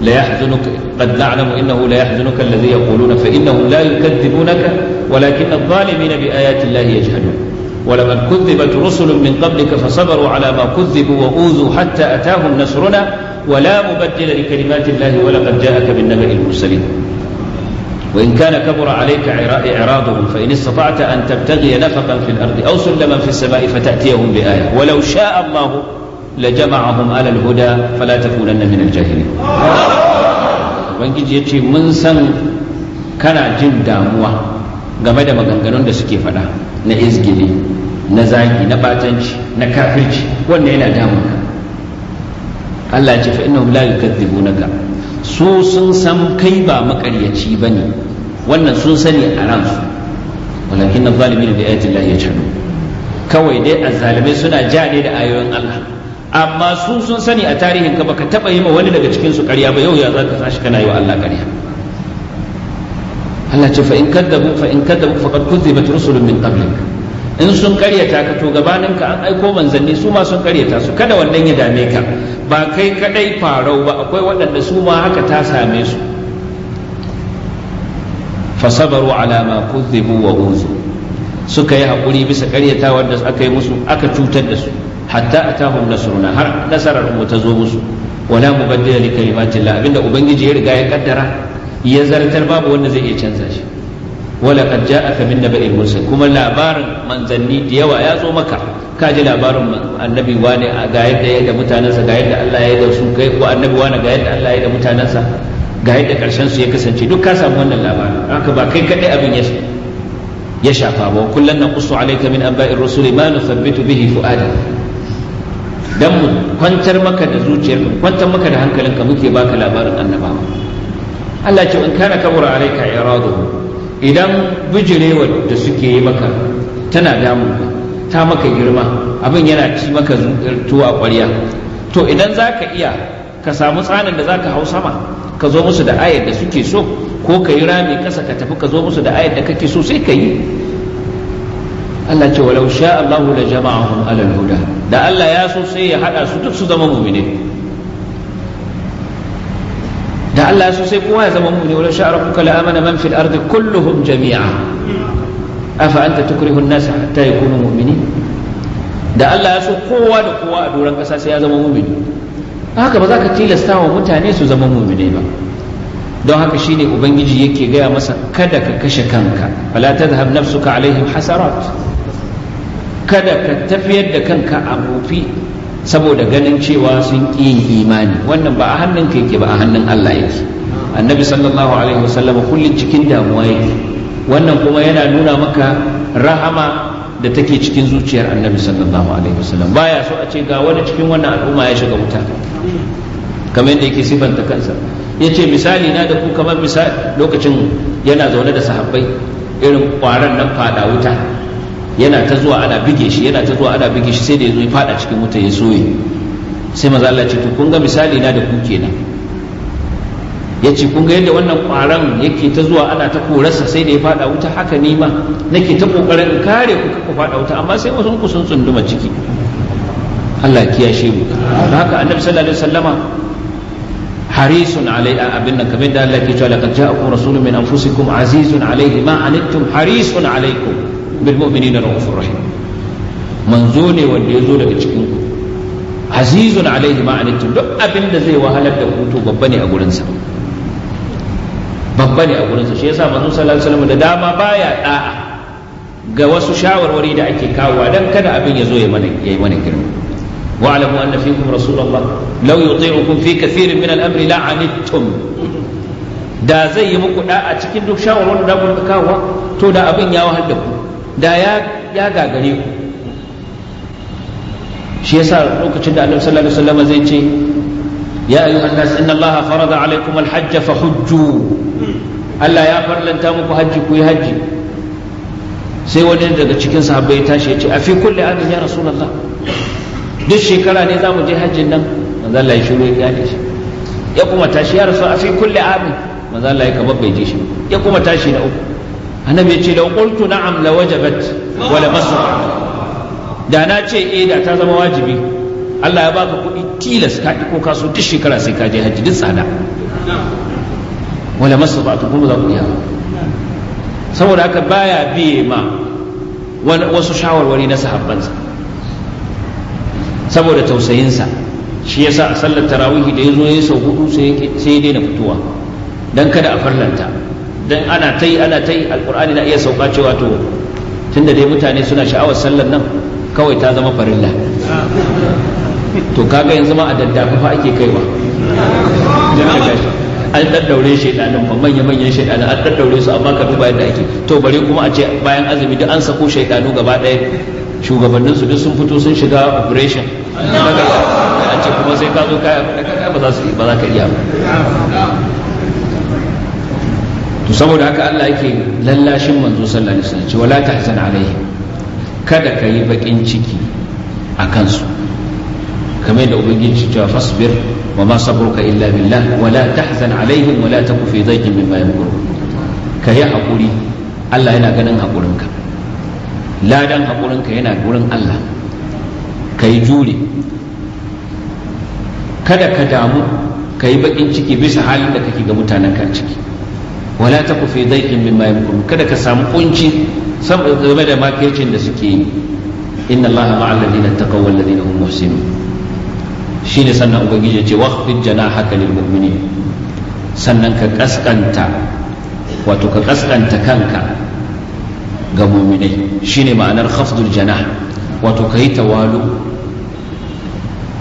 la yahzunuka qad na'lamu innahu la yahzunuka alladhi yaquluna fa innahum la yukadzibunaka walakin adh-dhalimina bi ayati llahi yajhadun ولقد كذبت رسل من قبلك فصبروا على ما كذبوا وأوذوا حتى أتاهم نصرنا ولا مبدل لكلمات الله ولقد جاءك بالنبأ المرسلين وإن كان كبر عليك إعراضهم فإن استطعت أن تبتغي نفقا في الأرض أو سلما في السماء فتأتيهم بآية ولو شاء الله لجمعهم على الهدى فلا تكونن من الجاهلين ubangiji ya ce mun san kana jin damuwa game da maganganun da suke faɗa na izgili na zagi na batanci na kafirci wannan yana damun ka Allah ce fa innahum la yukadzibunaka su sun san kai ba makaryaci bane wannan sun sani a ransu walakin na zalimin da ayatin lahi ya cano kawai dai azzalimai suna ja ne da ayoyin Allah amma su sun sani a tarihin ka baka taba yi ma wani daga cikin su ƙarya ba yau ya za ka tashi kana yi wa Allah ƙarya Allah ce fa in kaddabu fa in kaddabu faqad kuzibat rusulun min qablik in sun karyata ka to gabanin ka an aiko manzanni su ma sun karyata su kada wannan ya dame ka ba kai kadai farau ba akwai waɗanda su ma haka ta same su sabaru ala ma kuzibu wa uzu suka yi hakuri bisa karyata wanda aka yi musu aka cutar da su hatta atahum nasruna har nasarar mu ta zo musu wala mubaddila li kalimati abinda ubangiji ya riga ya kaddara ya zartar babu wanda zai iya canza shi wala qad ja'aka min naba'il mursal kuma labarin manzanni da yawa ya zo maka ka ji labarin annabi wani ga yadda ya da mutanansa ga yadda Allah ya da su kai ko annabi wani ga yadda Allah ya da mutanansa ga yadda karshen su ya kasance duk ka samu wannan labarin haka ba kai kadai abin ya ya shafa ba kullun naqussu alayka min anba'ir rusuli ma nuthabbitu bihi fu'adak dan mu kwantar maka da zuciyarka kwantar maka da hankalinka muke baka labarin annabawa Allah ce in kana kabura alaika iraduhu idan bijirewa da suke yi maka tana damu ta maka girma abin yana ci maka tuwa ƙwarya to idan za ka iya ka samu tsanin da za ka hau sama ka zo musu da ayar da suke so ko ka yi rami kasa ka tafi ka zo musu da ayar da kake so sai ka yi Allah ce walau sha Allahu la jama'ahum alal huda da Allah ya so sai ya hada su duk su zama mu'mini da Allah so sai kowa ya zama mu'mini wala sha'ar kuka la amana man fil ardi kulluhum jami'a afa anta tukrihu an-nasa hatta yakunu mu'minin da Allah ya so kowa da kowa a doron kasa sai ya zama mu'mini haka ba za ka tilasta wa mutane su zama mu'mini ba don haka shine ubangiji yake gaya masa kada ka kashe kanka fala tadhhab nafsuka alaihim hasarat kada ka tafiyar da kanka a mofi saboda ganin cewa sun ƙi yin imani wannan ba a hannun ka yake ba a hannun Allah yake annabi sallallahu alaihi wasallam kullum cikin damuwa yake wannan kuma yana nuna maka rahama da take cikin zuciyar annabi sallallahu alaihi wasallam baya so a ce ga wani cikin wannan al'umma ya shiga wuta kamar yadda yake sifanta kansa ya ce misali na da ku kamar misali lokacin yana zaune da sahabbai irin kwaran nan fada wuta yana ta zuwa ana bige shi yana ta zuwa ana bige shi sai da yazo ya fada cikin wuta ya soye sai maza Allah ce to kun ga misali na da ku kenan yace kun ga yadda wannan kwaran yake ta zuwa ana ta korarsa sai da ya fada wuta haka ni ma nake ta kokarin kare ku ku fada wuta amma sai wasu ku sun tsunduma ciki Allah ya kiyashe mu haka annabi sallallahu alaihi wasallama harisun alai abin nan kamar da Allah ke cewa laqad ja'akum rasulun min anfusikum azizun alaihi ma anittum harisun alaikum bil mu'minina ra'ufur rahim manzo ne wanda ya zo daga cikin ku azizun alaihi ma duk abin da zai wahalar da ku babba ne a gurin sa babba ne a gurin shi da dama baya ga wasu shawarwari da ake kawowa dan kada abin ya zo ya mana mana girma واعلموا ان فيكم رسول الله لو يطيعكم في كثير من الامر لعنتم da zai yi muku da'a cikin duk shawarwarin da ku kawo to da abin ya wahal da ku da ya gagare ku shi yasa lokacin da annabi sallallahu alaihi wasallam zai ce ya ayu annas inna allaha farada alaikum alhajj hujju Allah ya farlanta muku hajji ku yi hajji sai wani daga cikin sahabbai ya tashi ya ce a fi kulli amin ya rasulullah duk shekara ne za mu je hajjin nan manzo Allah ya shiru ya gane shi ya kuma tashi ya rasu a fi kulli amin manzo Allah ya kaba bai je shi ya kuma tashi na uku annabi ya ce law qultu na'am la wajabat wa la masra da na ce eh da ta zama wajibi Allah ya baka kuɗi tilas ka ko ka duk shekara sai ka je hajji duk tsada wala masra kuma za ku iya saboda haka baya biye ma wasu shawarwari na sahabbansa saboda tausayinsa shi yasa a sallar tarawihi da ya zo ya sau hudu sai ya daina fitowa don kada a farlanta dan ana ta yi ana ta yi alqur'ani na iya sauka cewa to tunda dai mutane suna sha'awar sallar nan kawai ta zama farilla to kaga yanzu ma a daddafa fa ake kaiwa an daddaure shaidanin fa manya manyan shaidanin an daddaure su amma ka duba yadda ake to bare kuma a ce bayan azumi duk an sako shaidanu gaba ɗaya shugabannin su duk sun fito sun shiga operation A ce kuma sai ka zo kaya ba za ka iya ba to saboda haka Allah yake lallashin manzo sallallahu alaihi wasallam wala tahzan alaihi kada ka yi bakin ciki a kansu kamar yadda ubangiji cewa fasbir wa ma sabruka illa billah wala tahzan alaihim wala taku fi dhayqin mimma yamkurun ka yi hakuri Allah yana ganin ka ladan ka yana gurin Allah ka yi jure kada ka damu ka yi bakin ciki bisa halin da kake ga mutanen kan ciki wala taku fi daikin mimma yamkurun kada ka samu kunci game da makircin da suke yi inna allaha ma'a alladhina taqaw wal ladina hum muhsinun shine sannan ubangiji ya ce waqfid janahaka lil mu'minin sannan ka kaskanta kanka ga mu'minai shine ma'anar khafdul janah wato kai tawalu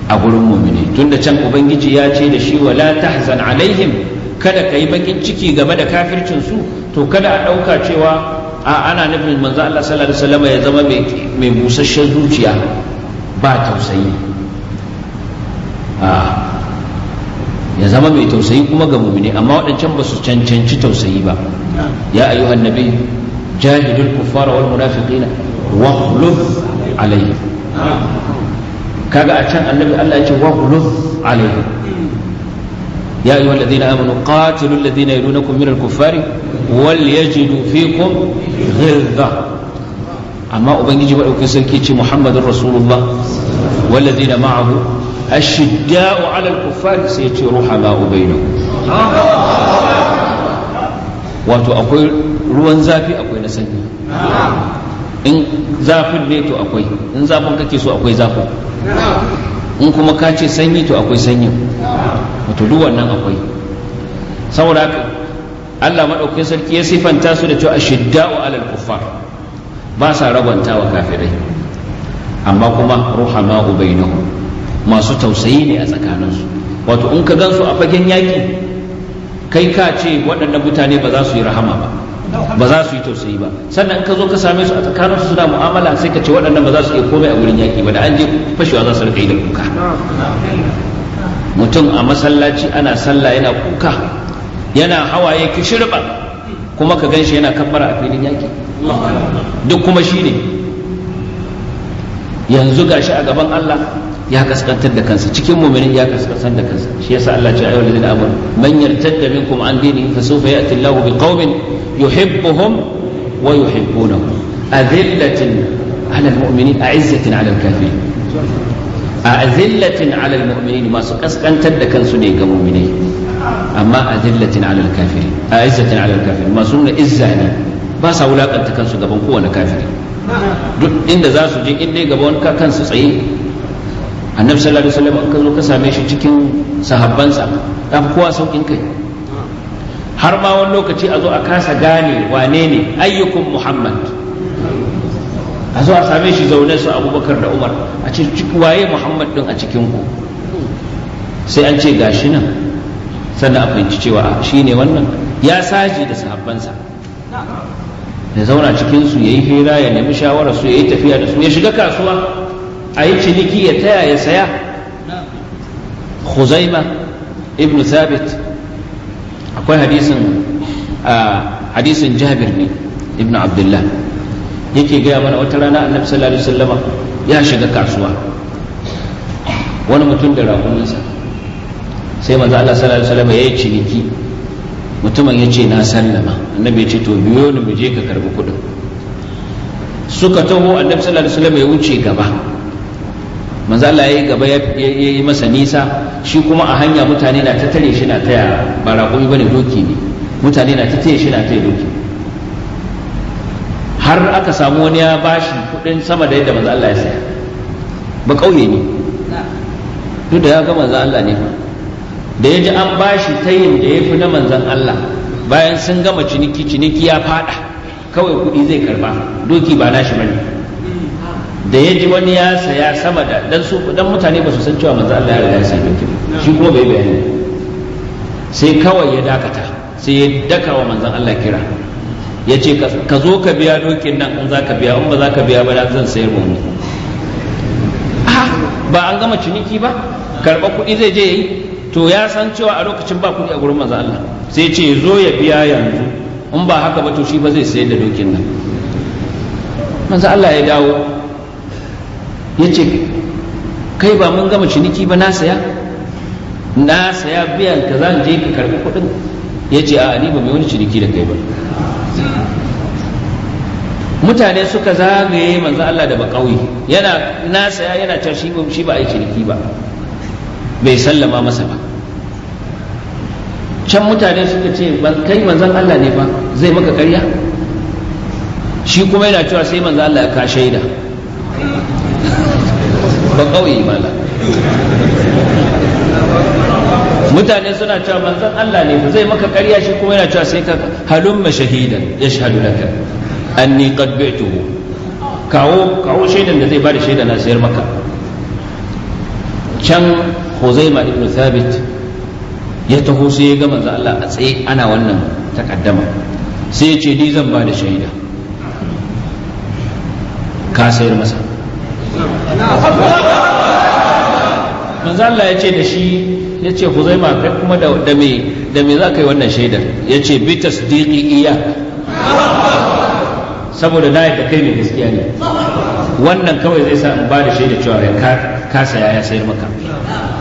a gurin mu'mini tunda can ubangiji ya ce da shi wala tahzan alaihim kada ka yi bakin ciki game da kafircin su to kada a ɗauka cewa a ana nufin manzo Allah sallallahu alaihi wasallam ya zama mai busasshen zuciya ba tausayi ya zama mai tausayi kuma ga mumini amma waɗancan ba su cancanci tausayi ba ya ayu annabi jahidul kuffara wal munafiqina wa khuluf alaihim kaga a can annabi Allah ya ce wa khuluf alaihim يا أيها الذين آمنوا قاتلوا الذين يلونكم من الكفار وليجدوا فيكم غلظة أما أبنجي بأوك سنكيتي محمد رسول الله والذين معه الشداء على الكفار سيتي رحماء بينهم wato akwai ruwan zafi akwai na sanyi in zafin ne to akwai in zafin kake so akwai zafin in kuma ka ce sanyi to akwai sanyin wato duk wannan akwai saboda haka Allah maɗaukakin sarki ya sifanta su da cewa ashidda'u alal kuffar ba sa rabanta wa kafirai amma kuma ruhama'u bainahum masu tausayi ne a tsakaninsu wato in ka gansu a fagen yaki kai ka ce waɗannan mutane ba za su yi rahama ba ba za su yi tausayi ba sannan ka zo ka same su a tsakanin su suna mu'amala sai ka ce waɗannan ba za su iya komai a wurin yaƙi ba da an je fashewa za su rika yi da kuka mutum a masallaci ana sallah yana kuka yana hawaye kishirba kuma ka ganshi yana kabbara a filin yaƙi duk kuma shi ne yanzu gashi a gaban Allah ya kaskantar da kansa cikin mu'minin ya kaskantar da kansa shi yasa Allah ya ce ayyuhal ladina amanu man yartadda minkum an dinihi fa sawfa ya'ti Allahu biqaumin yuhibbuhum wa yuhibbunahu adillatin 'ala al-mu'minin a'izzatin 'ala al-kafirin a'zillatin 'ala al-mu'minin masu kaskantar da kansu ne ga mu'minai amma adillatin 'ala al-kafirin a'izzatin 'ala al-kafirin masu nuna izza ne ba sa wulakanta kansu gaban kowane kafiri duk inda za su je in dai gaban kansu tsaye annabi sallallahu alaihi wasallam ka zo ka same shi cikin sahabbansa ta fi kowa saukin kai har ma wani lokaci a zo a kasa gane wane ne ayyukum muhammad a zo a same shi zaune su abubakar da umar a ce waye muhammad din a cikin ku sai an ce gashi nan sannan a fahimci cewa shi ne wannan ya saji da sahabbansa ya zauna cikinsu ya yi hira ya nemi shawarar su ya yi tafiya da su ya shiga kasuwa a yi ciniki ya taya ya saya khuzaima ibn thabit akwai hadisin hadisin jabir ne ibn abdullah yake gaya mana wata rana annabi sallallahu alaihi wasallama ya shiga kasuwa wani mutum da raƙuminsa sai manzo Allah sallallahu alaihi wasallam yayi ciniki mutumin ya ce na sallama annabi ya ce to biyo ni mu je ka karbi kuɗin suka taho annabi sallallahu alaihi wasallam ya wuce gaba manzo Allah yayi gaba yayi masa nisa shi kuma a hanya mutane na ta tare shi na taya ba raƙumi bane doki ne mutane na ta tare shi na taya doki har aka samu wani ya bashi kuɗin sama da yadda manzo Allah ya saya ba ƙauye ne duk da ya ga manzo Allah ne da ya ji an bashi tayin da ya fi na manzon Allah bayan sun gama ciniki ciniki ya fada kawai kuɗi zai karba doki ba nashi bane da ya ji wani ya saya sama da dan su dan mutane ba su san cewa manzo Allah ya riga ya sai dokin shi kuma bai bayani sai kawai ya dakata sai ya daka wa manzon Allah kira ya ce ka zo ka biya dokin nan in za ka biya in ba za ka biya ba na zan sayar mu ah, ba an gama ciniki ba karɓar kuɗi zai je yi to ya san cewa a lokacin ba kuɗi a gurin manzo Allah sai ce zo ya biya yanzu in ba haka ba to shi ba zai sayar da dokin nan manzo Allah ya dawo ya ce kai ba mun gama ciniki ba na saya na saya biyan ka zan je ka karbi kuɗin ya ce a ni ba mai wani ciniki da kai ba mutane suka zagaye manzo Allah da bakawi yana na saya yana can shi shi ba a yi ciniki ba bai sallama masa ba can mutane suka ce ban kai manzon Allah ne ba zai maka karya shi kuma yana cewa sai manzo Allah ya ka shaida ba kauye mala mutane suna cewa manzon Allah ne ba zai maka ƙarya shi kuma yana cewa sai ka halumma shahidan yashhadu laka anni qad bi'tuhu kawo kawo shaidan da zai bada shaida na sayar maka can Huzaima ibn Thabit ya taho sai ya ga manzon Allah a tsaye ana wannan takaddama sai ya ce ni zan bada shaida ka sayar masa manzo Allah ya ce da shi ya ce huzaima kai kuma da me da me za ka yi wannan shaidar ya ce bi tasdiqi iya saboda na yadda kai mai gaskiya ne wannan kawai zai sa in ba da shaida cewa ka ka saya ya sayar maka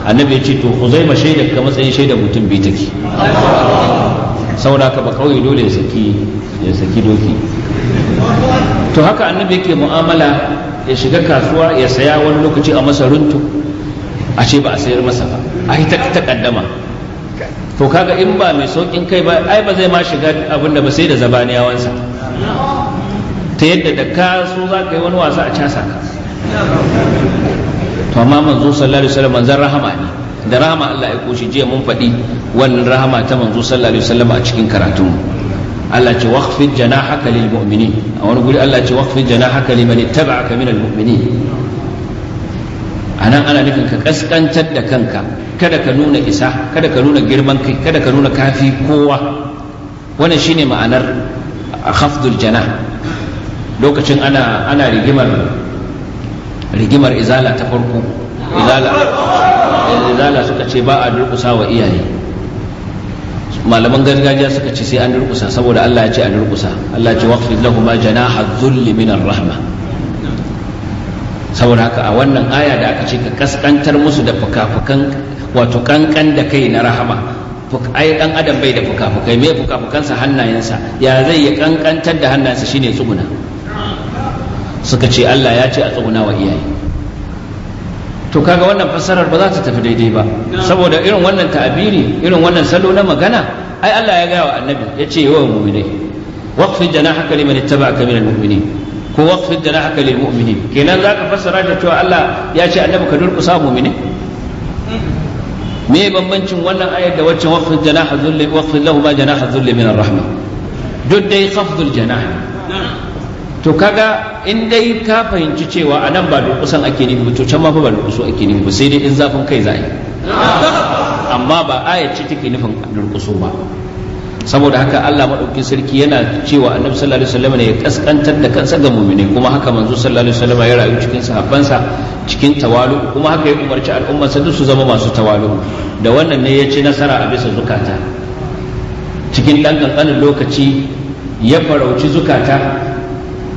annabi ya ce to huzaima shaidar ka matsayin shaidar mutum bi take saboda ka ba kauye dole ya saki doki to haka annabi yake mu'amala ya shiga kasuwa ya saya wani lokaci a masa runtu a ce ba a sayar masa ba a yi ta takaddama to kaga in ba mai saukin kai ba ai ba zai ma shiga abin da ba sai da zabaniyawansa ta yadda da ka za ka yi wani wasa a casa ka to amma manzo sallallahu alaihi wasallam manzon rahama ne da rahama Allah ya koshi jiya mun faɗi wannan rahama ta manzo sallallahu alaihi wasallam a cikin karatun Allah ce waqfid janahaka lil mu'minin a wani guri Allah ce waqfid janahaka liman ittaba'aka minal mu'minin anan ana nufin ka kaskantar da kanka kada ka nuna isa kada ka nuna girman kai kada ka nuna kafi kowa wannan shine ma'anar khafdul janah lokacin ana ana rigimar rigimar izala ta farko izala suka ce ba a durkusa wa iyaye malaman gargajiya suka ce sai an durkusa saboda Allah ya ce a durkusa Allah ya ce waqfid lahum janaha dhulli minar rahma saboda haka a wannan aya da aka ce ka kaskantar musu da fukafukan wato kankan da kai na rahama ai dan adam bai da fukafukai me fukafukansa hannayensa ya zai ya kankantar da hannayensa shine tsuguna suka ce Allah ya ce a tsuguna wa iyaye to kaga wannan fassarar ba za ta tafi daidai ba saboda irin wannan ta'abiri irin wannan salo na magana ai Allah ya gaya wa annabi ya ce yawan mu'minai waqfi janahaka liman ittaba'aka minal mu'minin ko waqfi janahaka lil mu'minin kenan ka fassara ta cewa Allah ya ce annabi ka durƙusa mu'mini me bambancin wannan ayar da wacce waqfi janaha dhulli waqfi lahu ma janaha dhulli min ar-rahma duk dai khafdul janah to kaga in dai ka fahimci cewa a nan ba durƙusan ake nufi to can ma fa ba durƙusu ake nufi sai dai in zafin kai za a yi amma ba aya ce take nufin durƙusu ba saboda haka Allah madaukakin sarki yana cewa annabi sallallahu alaihi wasallam ne ya kaskantar da kansa ga mu'mini kuma haka manzo sallallahu alaihi wasallam ya rayu cikin sahabbansa cikin tawalu kuma haka ya umarci al'ummarsa duk su zama masu tawalu da wannan ne ya ci nasara a bisa zukata cikin ɗan ƙanƙanin lokaci ya farauci zukata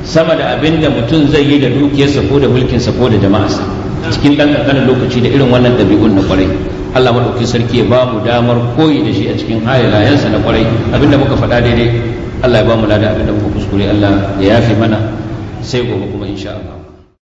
sama da abin da mutum zai yi da dukiyarsa ko da mulkinsa ko da jama'arsa cikin ɗan ƙanƙanin lokaci da irin wannan ɗabi'un na kwarai Allah maɗauki sarki ya ba mu damar koyi da shi a cikin halayensa na kwarai abin da muka faɗa daidai Allah ya ba mu lada abin da muka kuskure Allah ya yafe mana sai gobe kuma insha Allah